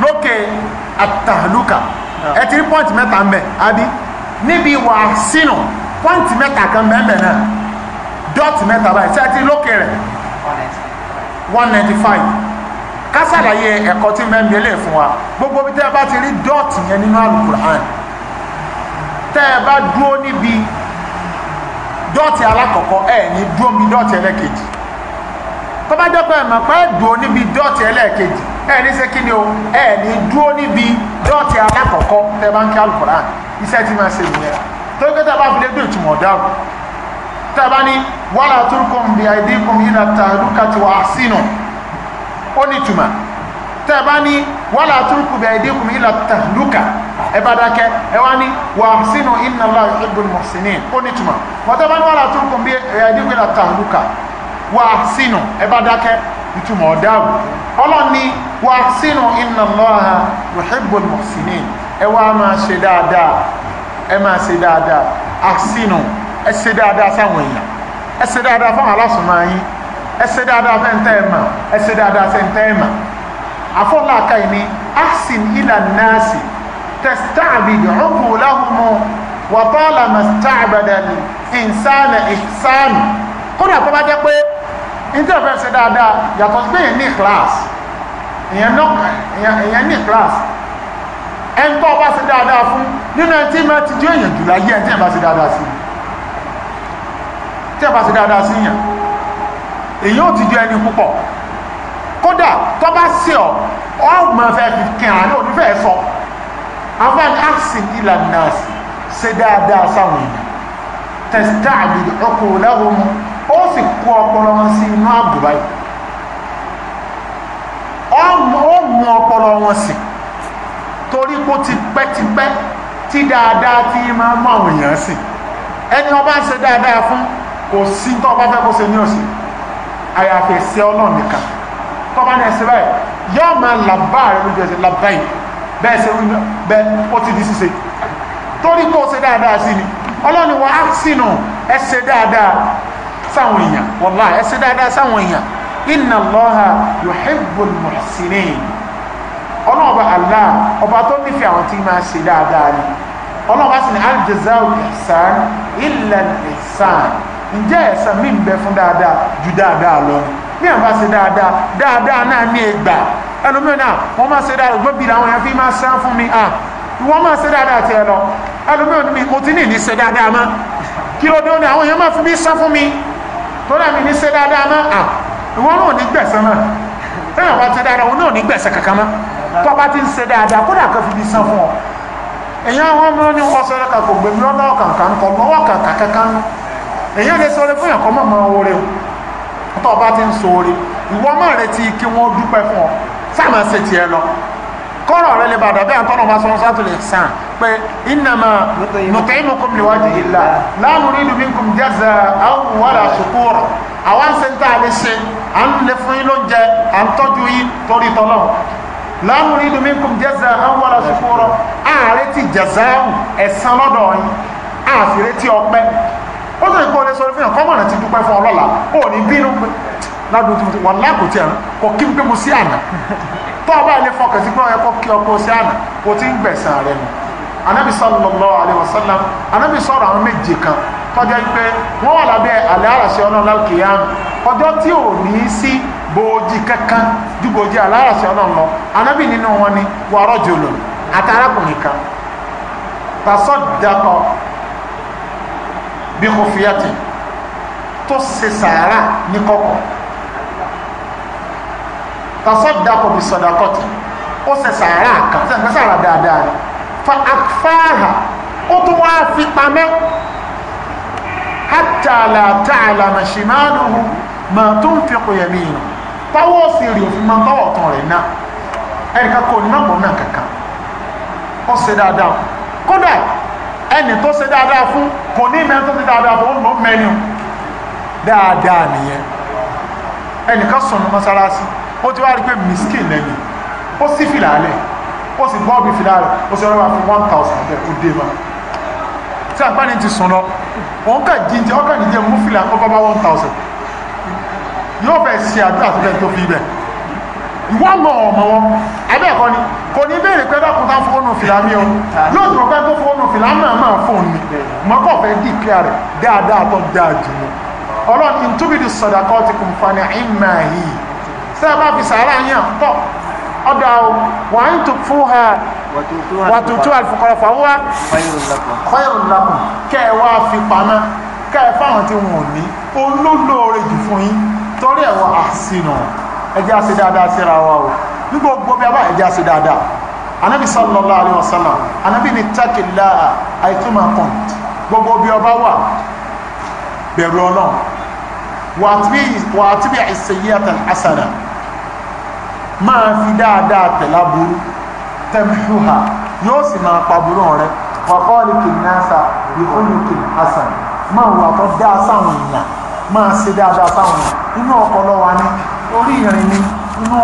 lókè àtàlùkà ẹ ti rí pọ́ìntì mẹ́ta ń bẹ̀ àbí níbi wà sínú pọ́ìntì mẹ́ta kan bẹ́ẹ̀ náà dọ́ọ̀tì mẹ́ta báyìí ṣé ti rí lókè rẹ̀ one ninety five kásàlàyé ẹ̀kọ́ tí mẹ́mí ẹlẹ́ fún wa gbogbo bí tẹ́ bá ti rí dọ́ọ̀tì yẹn nínú al tẹ́ ẹ bá dúró níbi dọ́ọ̀tì alákọ̀ọ́kọ́ ẹ ní dúró níbi dọ́ọ̀tì ẹlẹ́ẹ̀kejì tó bá jẹ́ pé ẹ mọ̀ pé dúró níbi dọ́ọ̀tì ẹlẹ́ẹ̀kejì ẹ ní ṣe ni o ẹ ní dúró níbi dọ́ọ̀tì alákọ̀ọ́kọ́ tẹ́ bá ń kí alukọ̀rán iṣẹ́ tí máa ṣe nìyẹn tó ń kẹ́tà bá fi lé dùn ìtumọ̀ dáàbò tẹ́ bá ní wàhálà tó ń kọ́ bí àìdí kọ́ mi ìlà tààdúkà ti wà á sínú ó ní ìtumọ̀ tẹ́ bá ní wàhálà tó ń kọ́ bí àìdí kọ́ mi ìlà tààdúkà ẹ bá dákẹ́ ẹ wá ní wà á sínú inna Allah yuhibbul muhsinin ó ní tuma wọ́n tẹ́ bá ní wà látó kò bí ẹ̀yà ìdíwé la tahluka wà á inna Allah yuhibbul muhsinin ẹ wá máa ṣe dáadáa ẹ máa ṣe dáadáa àsínú ẹ ṣe dáadáa sáwọn èèyàn ẹ ṣe dáadáa fáwọn aláṣùmọ̀ yín ẹ ṣe dáadáa fẹ́ntẹ́ ẹ̀ mà ẹ ṣe dáadáa fẹ́ntẹ́ ẹ̀ mà ahsin ila nasi تستعبد عقولهم وطالما استعبد الإنسان إحسان kódà tó bá jẹ́ pé nítorí ọ̀fẹ́ ṣe dáadáa yàtọ̀ sí pé èèyàn ní kíláàsì èèyàn ní kíláàsì ẹni tó bá ṣe dáadáa fún nínú ẹni tí ma ti jẹ́ èèyàn jù láyé ẹni tí ẹ bá ṣe dáadáa sí tí ẹ bá ṣe dáadáa sí yàn èyí ò ti jẹ́ ẹni púpọ̀ kódà tó bá sí ọ ọ máa fẹ́ fi kìnnà ní onífẹ́ sọ afan ahsin ila nas ṣe dáadáa sáwọn èèyàn testaabil uqulahum ó sì kó ọpọlọ wọn sí inú àbúrá yìí ó mú ọpọlọ wọn sí torí kó ti pẹ́tipẹ́ tí dáadáa tí máa mọ àwọn èèyàn sí ẹni ó bá ṣe dáadáa fún kò sí tó bá fẹ́ kó ṣe ní ọ̀sẹ̀ àyàfẹ́ sí ọlọ́ọ̀ nìkan tó bá ní ẹsẹ̀ báyìí yóò máa làbá rẹ lójú ẹsẹ̀ làbá yìí bẹ́ẹ̀ ṣe wí bẹ́ẹ̀ ó ti di ṣíṣe torí kó ṣe dáadáa sí ni ọlọ́ni wa áṣínà ẹ ṣe dáadáa sáwọn èèyàn wọ́lá ẹ ṣe dáadáa sáwọn èèyàn inna Allaha yuhibbul muhsinin ọlọ́ọ̀bà Allah ọba tó nífẹ̀ẹ́ àwọn tí máa ṣe dáadáa ni ọlọ́ọ̀bá sì ni al-jazā'u al-ihsān illā al-ihsān ẹlòmíràn náà wọ́n máa ṣe dáadáa gbọ́n bìrì àwọn èèyàn fi máa sán fún mi ah wọ́n máa ṣe dáadáa tiẹ̀ lọ ẹlòmíràn mi mo ti ní ní ṣe dáadáa mọ́ kí ló dé ó ní àwọn èèyàn máa fi mí sán fún mi tó dà mí ní ṣe dáadáa mọ́ ah ìwọ́n náà ní gbẹ̀sán náà tẹ́lẹ̀ wá ti dáadáa òun náà ní gbẹ̀sán kankan mọ́ tó bá ti ń ṣe dáadáa kódà kan fi bí sán fún ọ èyàn àwọn ọmọ ní wọ́n sọ́rọ́ kan kò gbèmí lọ́nà ọ̀kànkà ń kọ lọ́wọ́ kànkà kankan èyàn lè sọ́rọ́ fún ẹ̀kọ́ mọ̀ mọ́ oore tó bá ti ń so oore ìwọ́n mọ̀ rẹ̀ ti kí wọ́n dúpẹ́ fún ọ sáàmà ṣe tiẹ̀ lọ kọ́rọ̀ rẹ lè bàdà bẹ́ẹ̀ tọ́nà bá sọ́n sátò lè sàn pé innama nut'imukum liwajhillah la nuridu minkum jaza'an wala shukura àwọn ṣe ń tà lè ṣe à ń lè fún yín lóúnjẹ à ń tọ́jú yín torí tọ́lọ́ la nuridu minkum jaza'an wala shukura ààrẹ ti jaza'u ẹ̀san lọ́dọ̀ yín àfìrẹ́tì ọpẹ́ ó sì kó lè sọ fihàn kọ́mọ̀nà ti dúpẹ́ fún ọlọ́lá ó ní bínú pé ládùn tó wà láàkó tí a ń kọ kí n pé mo sí àná tó ọba ilé fọkàn sí pé ọkọ kí ọkọ sí àná o ti ń gbẹ̀sán rẹ nù anabi sallallahu alayhi wa sallam anabi sọ̀rọ̀ àwọn méje kan tọ́jọ́ pé wọ́n wà lábẹ́ àlẹ́ àràṣẹ ọlọ́run lálùkìyàn ọjọ́ tí ò ní sí bòójì kankan ju bòójì àlẹ́ àràṣẹ ọlọ́run lọ anabi nínú wọn ni wàrọ̀ jòlò àti arákùnrin kan tasọ́dàkọ bí kò fìyàtì tó ṣe sàárà ní kọ̀kọ̀ tasaddaqo bi sadaqati ó ṣe sàárà kan ṣe sàárà dáadáa ni fa akfáàhà ó tún wá fi pamẹ́ hatta la ta'lama shimaluhu ma tunfiqu yaminu táwọ́ sì rí òfin máa tọ́wọ́ tán rẹ̀ náà ẹnìkan kò ní má náà kankan ó ṣe dáadáa kódà ẹni tó ṣe dáadáa fún kò ní mẹ́rin tó ṣe dáadáa fún ó mọ̀ dáadáa nìyẹn ẹnìkan sọnù mọ́sálásí ó ti wá rí pé miskin lẹ́yìn ó sì fìlà alẹ̀ ó sì bọ́ọ̀bì fìlà rẹ̀ ó sì rọra fún one thousand bẹ́ẹ̀ ó dé ma tí àgbáni ti sùn lọ òun kà jíjẹ ọkà jíjẹ mú fìlà ó bá bá one thousand yóò fẹ́ ṣe àdúrà tó fẹ́ tó fi bẹ̀ ìwọ́n mọ̀ ọ̀mọ̀ wọn ẹgbẹ́ ẹ̀kọ́ ni kò ní béèrè pé bákun tá fóònù fìlà mi o lóòtù ọ̀pẹ́ tó fóònù fìlà náà máa fóònù ni mọ́kọ̀ fẹ́ dì pí rẹ̀ dáadáa tó dáa jù lọ ọlọ́run ìtúbìdì sọ̀dàkọ́ ti kùn fani ìmáà yìí tẹ́ ẹ bá fi sàárà yàn tọ́ ọ̀dọ̀ àwọn wà ń tún fún ha wàtútù àlùfọ̀kọ̀rọ̀ fàwọ́ khairul lakum kẹ́ ẹ wá fi pamọ́ kẹ́ ẹ fáwọn tí wọn ò ní olólóore jù fún yín torí ẹ̀wọ̀ àsìnà ẹjẹ́ àṣẹ dáadáa síra wa o ní gbogbo bí a bá ẹjẹ́ àṣẹ dáadáa anabi sallallahu alayhi wa sallam ni takillaha aituma kunt gbogbo bí ọba wà bẹ̀rù ọlọ́run wà á àtàlásàdà máa fi dáadáa tẹ̀lá burú tẹ̀mṣúhà yóò sì máa pa burú rẹ wàkọ́ọ̀lì kìnnásà bí olùkì hasan máa wà tó dá sáwọn èèyàn máa ṣe dáadáa sáwọn èèyàn inú ọpọlọ wa ní orí ìrìn ni inú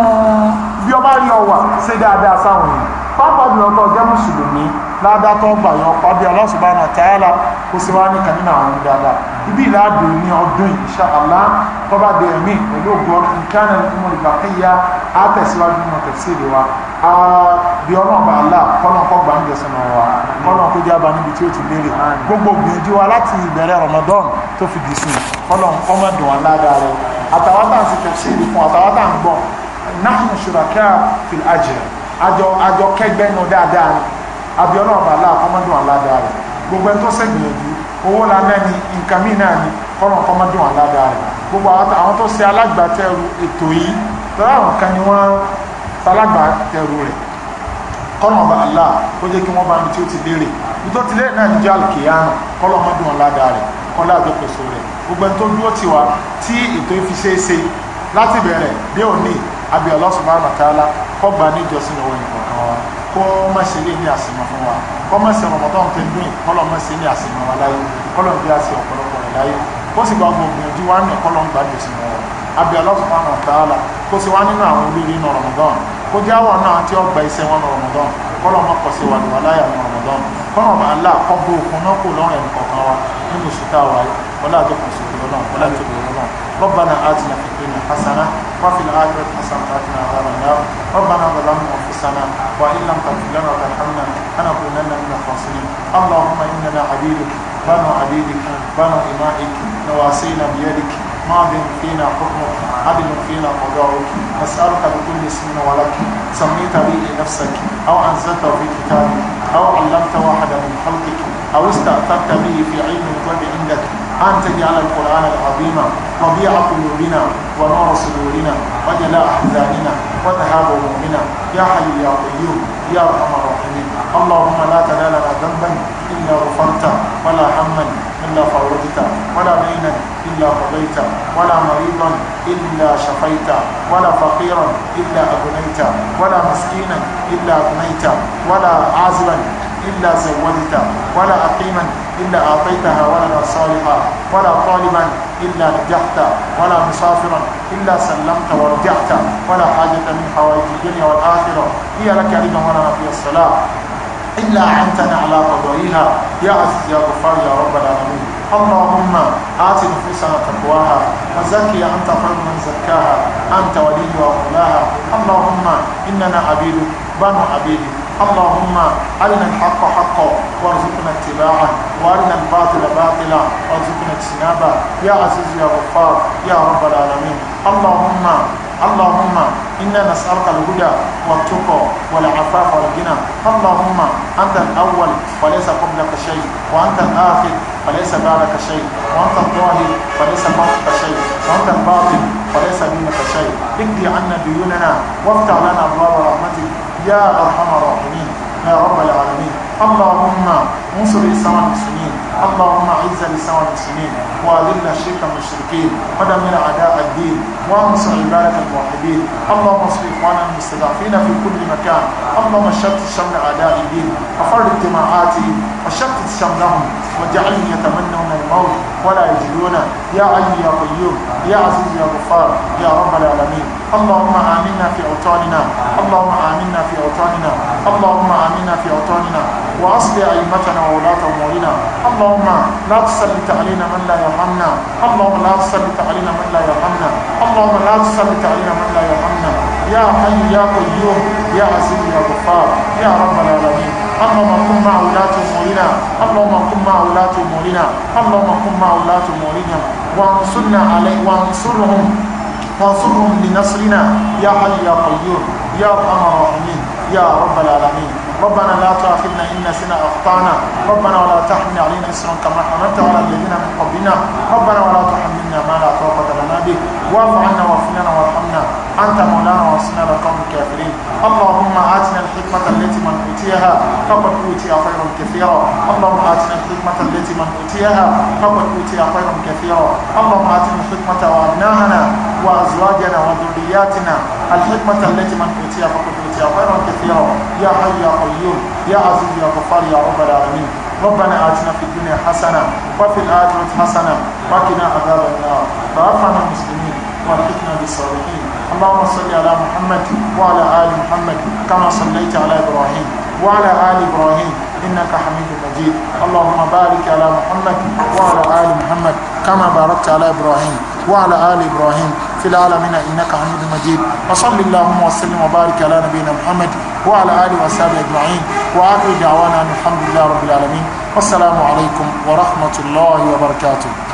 bí ọba rí ọwà ṣe dáadáa sáwọn èèyàn pápá jùlọ tó jẹ́ mùsùlùmí ládá tó gbà yan ọ̀pá bí Allah subhanahu wa ta'ala kó sì wá ní kànínà àwọn ohun dáadáa ibi ìlàdò ní ọdún insha Allah tó bá dé ẹ̀mí pẹ̀lú ògbó ìkànnì ìmọ̀ ìgbàkíyà á tẹ̀síwájú nínú tẹ̀síìlì wa bí ọlọ́run bá là kọ́nà kọ́ gbà ń jẹsùn náà wa kọ́nà kó jẹ́ abá níbi tí ó ti lérè gbogbo gbìyànjú wa fi dì àjọ àjọ kẹgbẹ́nu dáadáa ni abiola ọba aláà kọ́mọ́dún aládàá rẹ̀ gbogbo ẹni tó ṣègbìyànjú owó la náà ni nǹkan míì náà ni kọ́nà kọ́mọ́dún aládàá rẹ̀ gbogbo àwọn tó ṣe alágbàtẹrù ètò yìí lọ́wọ́ àwọn kan ni wọ́n alágbàtẹrù rẹ̀ kọ́nà ọba aláà ó jẹ́ kí wọ́n bá mi tí ó ti lérè ìtọ́ ti lérè náà ní jẹ́ alùkìyàmù kọ́lọ́mọ́dún aládàá rẹ̀ kọ́lá àjọpẹ̀sọ rẹ̀ gbogbo ẹni tó dúró ti wá tí ètò ìfiṣeéṣe láti bẹ̀rẹ̀ dé òní abiola subhanahu wa ta'ala kọ́ gba ní ìjọsìn lọ́wọ́ nìkan kan wa kọ́ má ṣe lé ní àsìmọ́ fún wa kọ́ má ṣe rọmọdán tẹ ní kọ́lọ́ má ṣe ní àsìmọ́ wa láyé kọ́lọ́ bí a ṣe ọ̀pọ̀lọpọ̀ rẹ̀ láyé kó sì gba gbogbo ìdí wa ní kọ́lọ́ ń gba ìjọsìn lọ́wọ́ abẹ́ ọlọ́sùnmọ́ náà tààlà kó sì wá nínú àwọn olórí inú rọmọdán kó jẹ́ àwọn náà tí ó gba iṣẹ́ wọn ní rọmọdán kọ́lọ́ má kọ́ sí wa ní wàláyà ní rọmọdán kọ́lọ́ bá ńlá kọ́ bó okun náà kó lọ́rùn ẹnì kọ̀ọ̀kan wa nínú sùtá wa wọlé ربنا آتنا في الدنيا حسنة وفي الآخرة حسنة وقنا عذاب النار ربنا ظلمنا أنفسنا وإن لم تغفر لنا وترحمنا لنكونن من الخاسرين اللهم إننا عبيدك بنو عبيدك بنو إمائك نواسينا بيدك ماض فينا حكمك عدل فينا قضاؤك نسألك بكل اسم ولك سميت به نفسك أو أنزلته في كتابك أو علمت واحدا من خلقك أو استأثرت به في علم الغيب عندك أن تجعل القرآن العظيم ربيع قلوبنا ونور صدورنا وجلاء أحزاننا وذهاب همومنا يا حي يا قيوم يا أرحم الراحمين اللهم لا تدع لنا ذنبا إلا غفرته ولا هما إلا فرجته ولا دينا إلا قضيته ولا مريضا إلا شفيته ولا فقيرا إلا أغنيته ولا مسكينا إلا أغنيته ولا عازلا إلا زوجته ولا أقيما إلا أعطيتها ولدا صالحا ولا طالبا إلا نجحت ولا مسافرا إلا سلمت ورجعت ولا حاجة من حوائج الدنيا والآخرة هي لك إلا ولنا في الصلاة إلا أعنتنا على قضائها يا عزيز يا غفار يا رب العالمين اللهم آت نفوسنا تقواها وزكي أنت خير من زكاها أنت ولي ومولاها اللهم إننا عبيدك بنو عبيدك اللهم أرنا الحق حقا وارزقنا اتباعه وأرنا الباطل باطلا وارزقنا اجتنابه يا عزيز يا غفار يا رب العالمين اللهم اللهم إنا نسألك الهدى والتقى والعفاف والغنى اللهم أنت الأول وليس قبلك شيء وأنت الآخر فليس بعدك شيء وأنت الظاهر فليس فوقك شيء وأنت الباطن فليس دونك شيء اقضي عنا ديوننا وافتح لنا أبواب رحمتك يا أرحم الراحمين يا رب العالمين اللهم انصر الإسلام المسلمين اللهم اعز الإسلام المسلمين وأذل الشرك المشركين ودمر أعداء الدين وانصر عبادك الموحدين اللهم انصر إخواننا المستضعفين في كل مكان اللهم شتت شمل أعداء الدين افرد اجتماعاتهم وشتت شملهم واجعلهم يتمنون الموت ولا يجدونه يا علي يا قيوم يا عزيز يا غفار يا رب العالمين اللهم آمنا في أوطاننا اللهم آمنا في أوطاننا اللهم آمنا في أوطاننا وأصل أئمتنا وولاة أمورنا اللهم لا تسلط علينا من لا يرحمنا اللهم لا تسلط علينا من لا يرحمنا اللهم لا تسلط علينا من لا يرحمنا يا حي يا قيوم يا عزيز يا غفار يا رب العالمين اللهم كن مع ولاة أمورنا اللهم كن مع ولاة أمورنا اللهم كن مع ولاة أمورنا وانصرنا عليه وانصرهم وانصرهم لنصرنا يا حي يا قيوم يا ارحم الراحمين يا رب العالمين ربنا لا تؤاخذنا ان نسينا اخطانا ربنا ولا تحمل علينا اسرا كما حملت على الذين من قبلنا ربنا ولا تحملنا ما لا طاقه لنا به واعف عنا واغفر لنا وارحمنا أنت مولانا واسنا لقوم الكافرين اللهم آتنا الحكمة التي من أوتيها فقد أوتي خيرا كثيرا اللهم آتنا الحكمة التي من أوتيها فقد أوتي خيرا كثيرا اللهم آتنا الحكمة وأبناءنا وأزواجنا وذرياتنا الحكمة التي من أوتيها فقد أوتي خيرا كثيرا يا حي يا قيوم يا عزيز يا غفار يا رب العالمين ربنا آتنا في الدنيا حسنة وفي الآخرة حسنة وقنا عذاب النار توفنا المسلمين والحكمة بالصالحين اللهم صل على محمد وعلى آل محمد كما صليت على إبراهيم وعلى آل إبراهيم إنك حميد مجيد اللهم بارك على محمد وعلى آل محمد كما باركت على إبراهيم وعلى آل إبراهيم في العالمين إنك حميد مجيد وصل اللهم وسلم وبارك على نبينا محمد وعلى آله وصحبه أجمعين وآخر دعوانا أن الحمد لله رب العالمين والسلام عليكم ورحمة الله وبركاته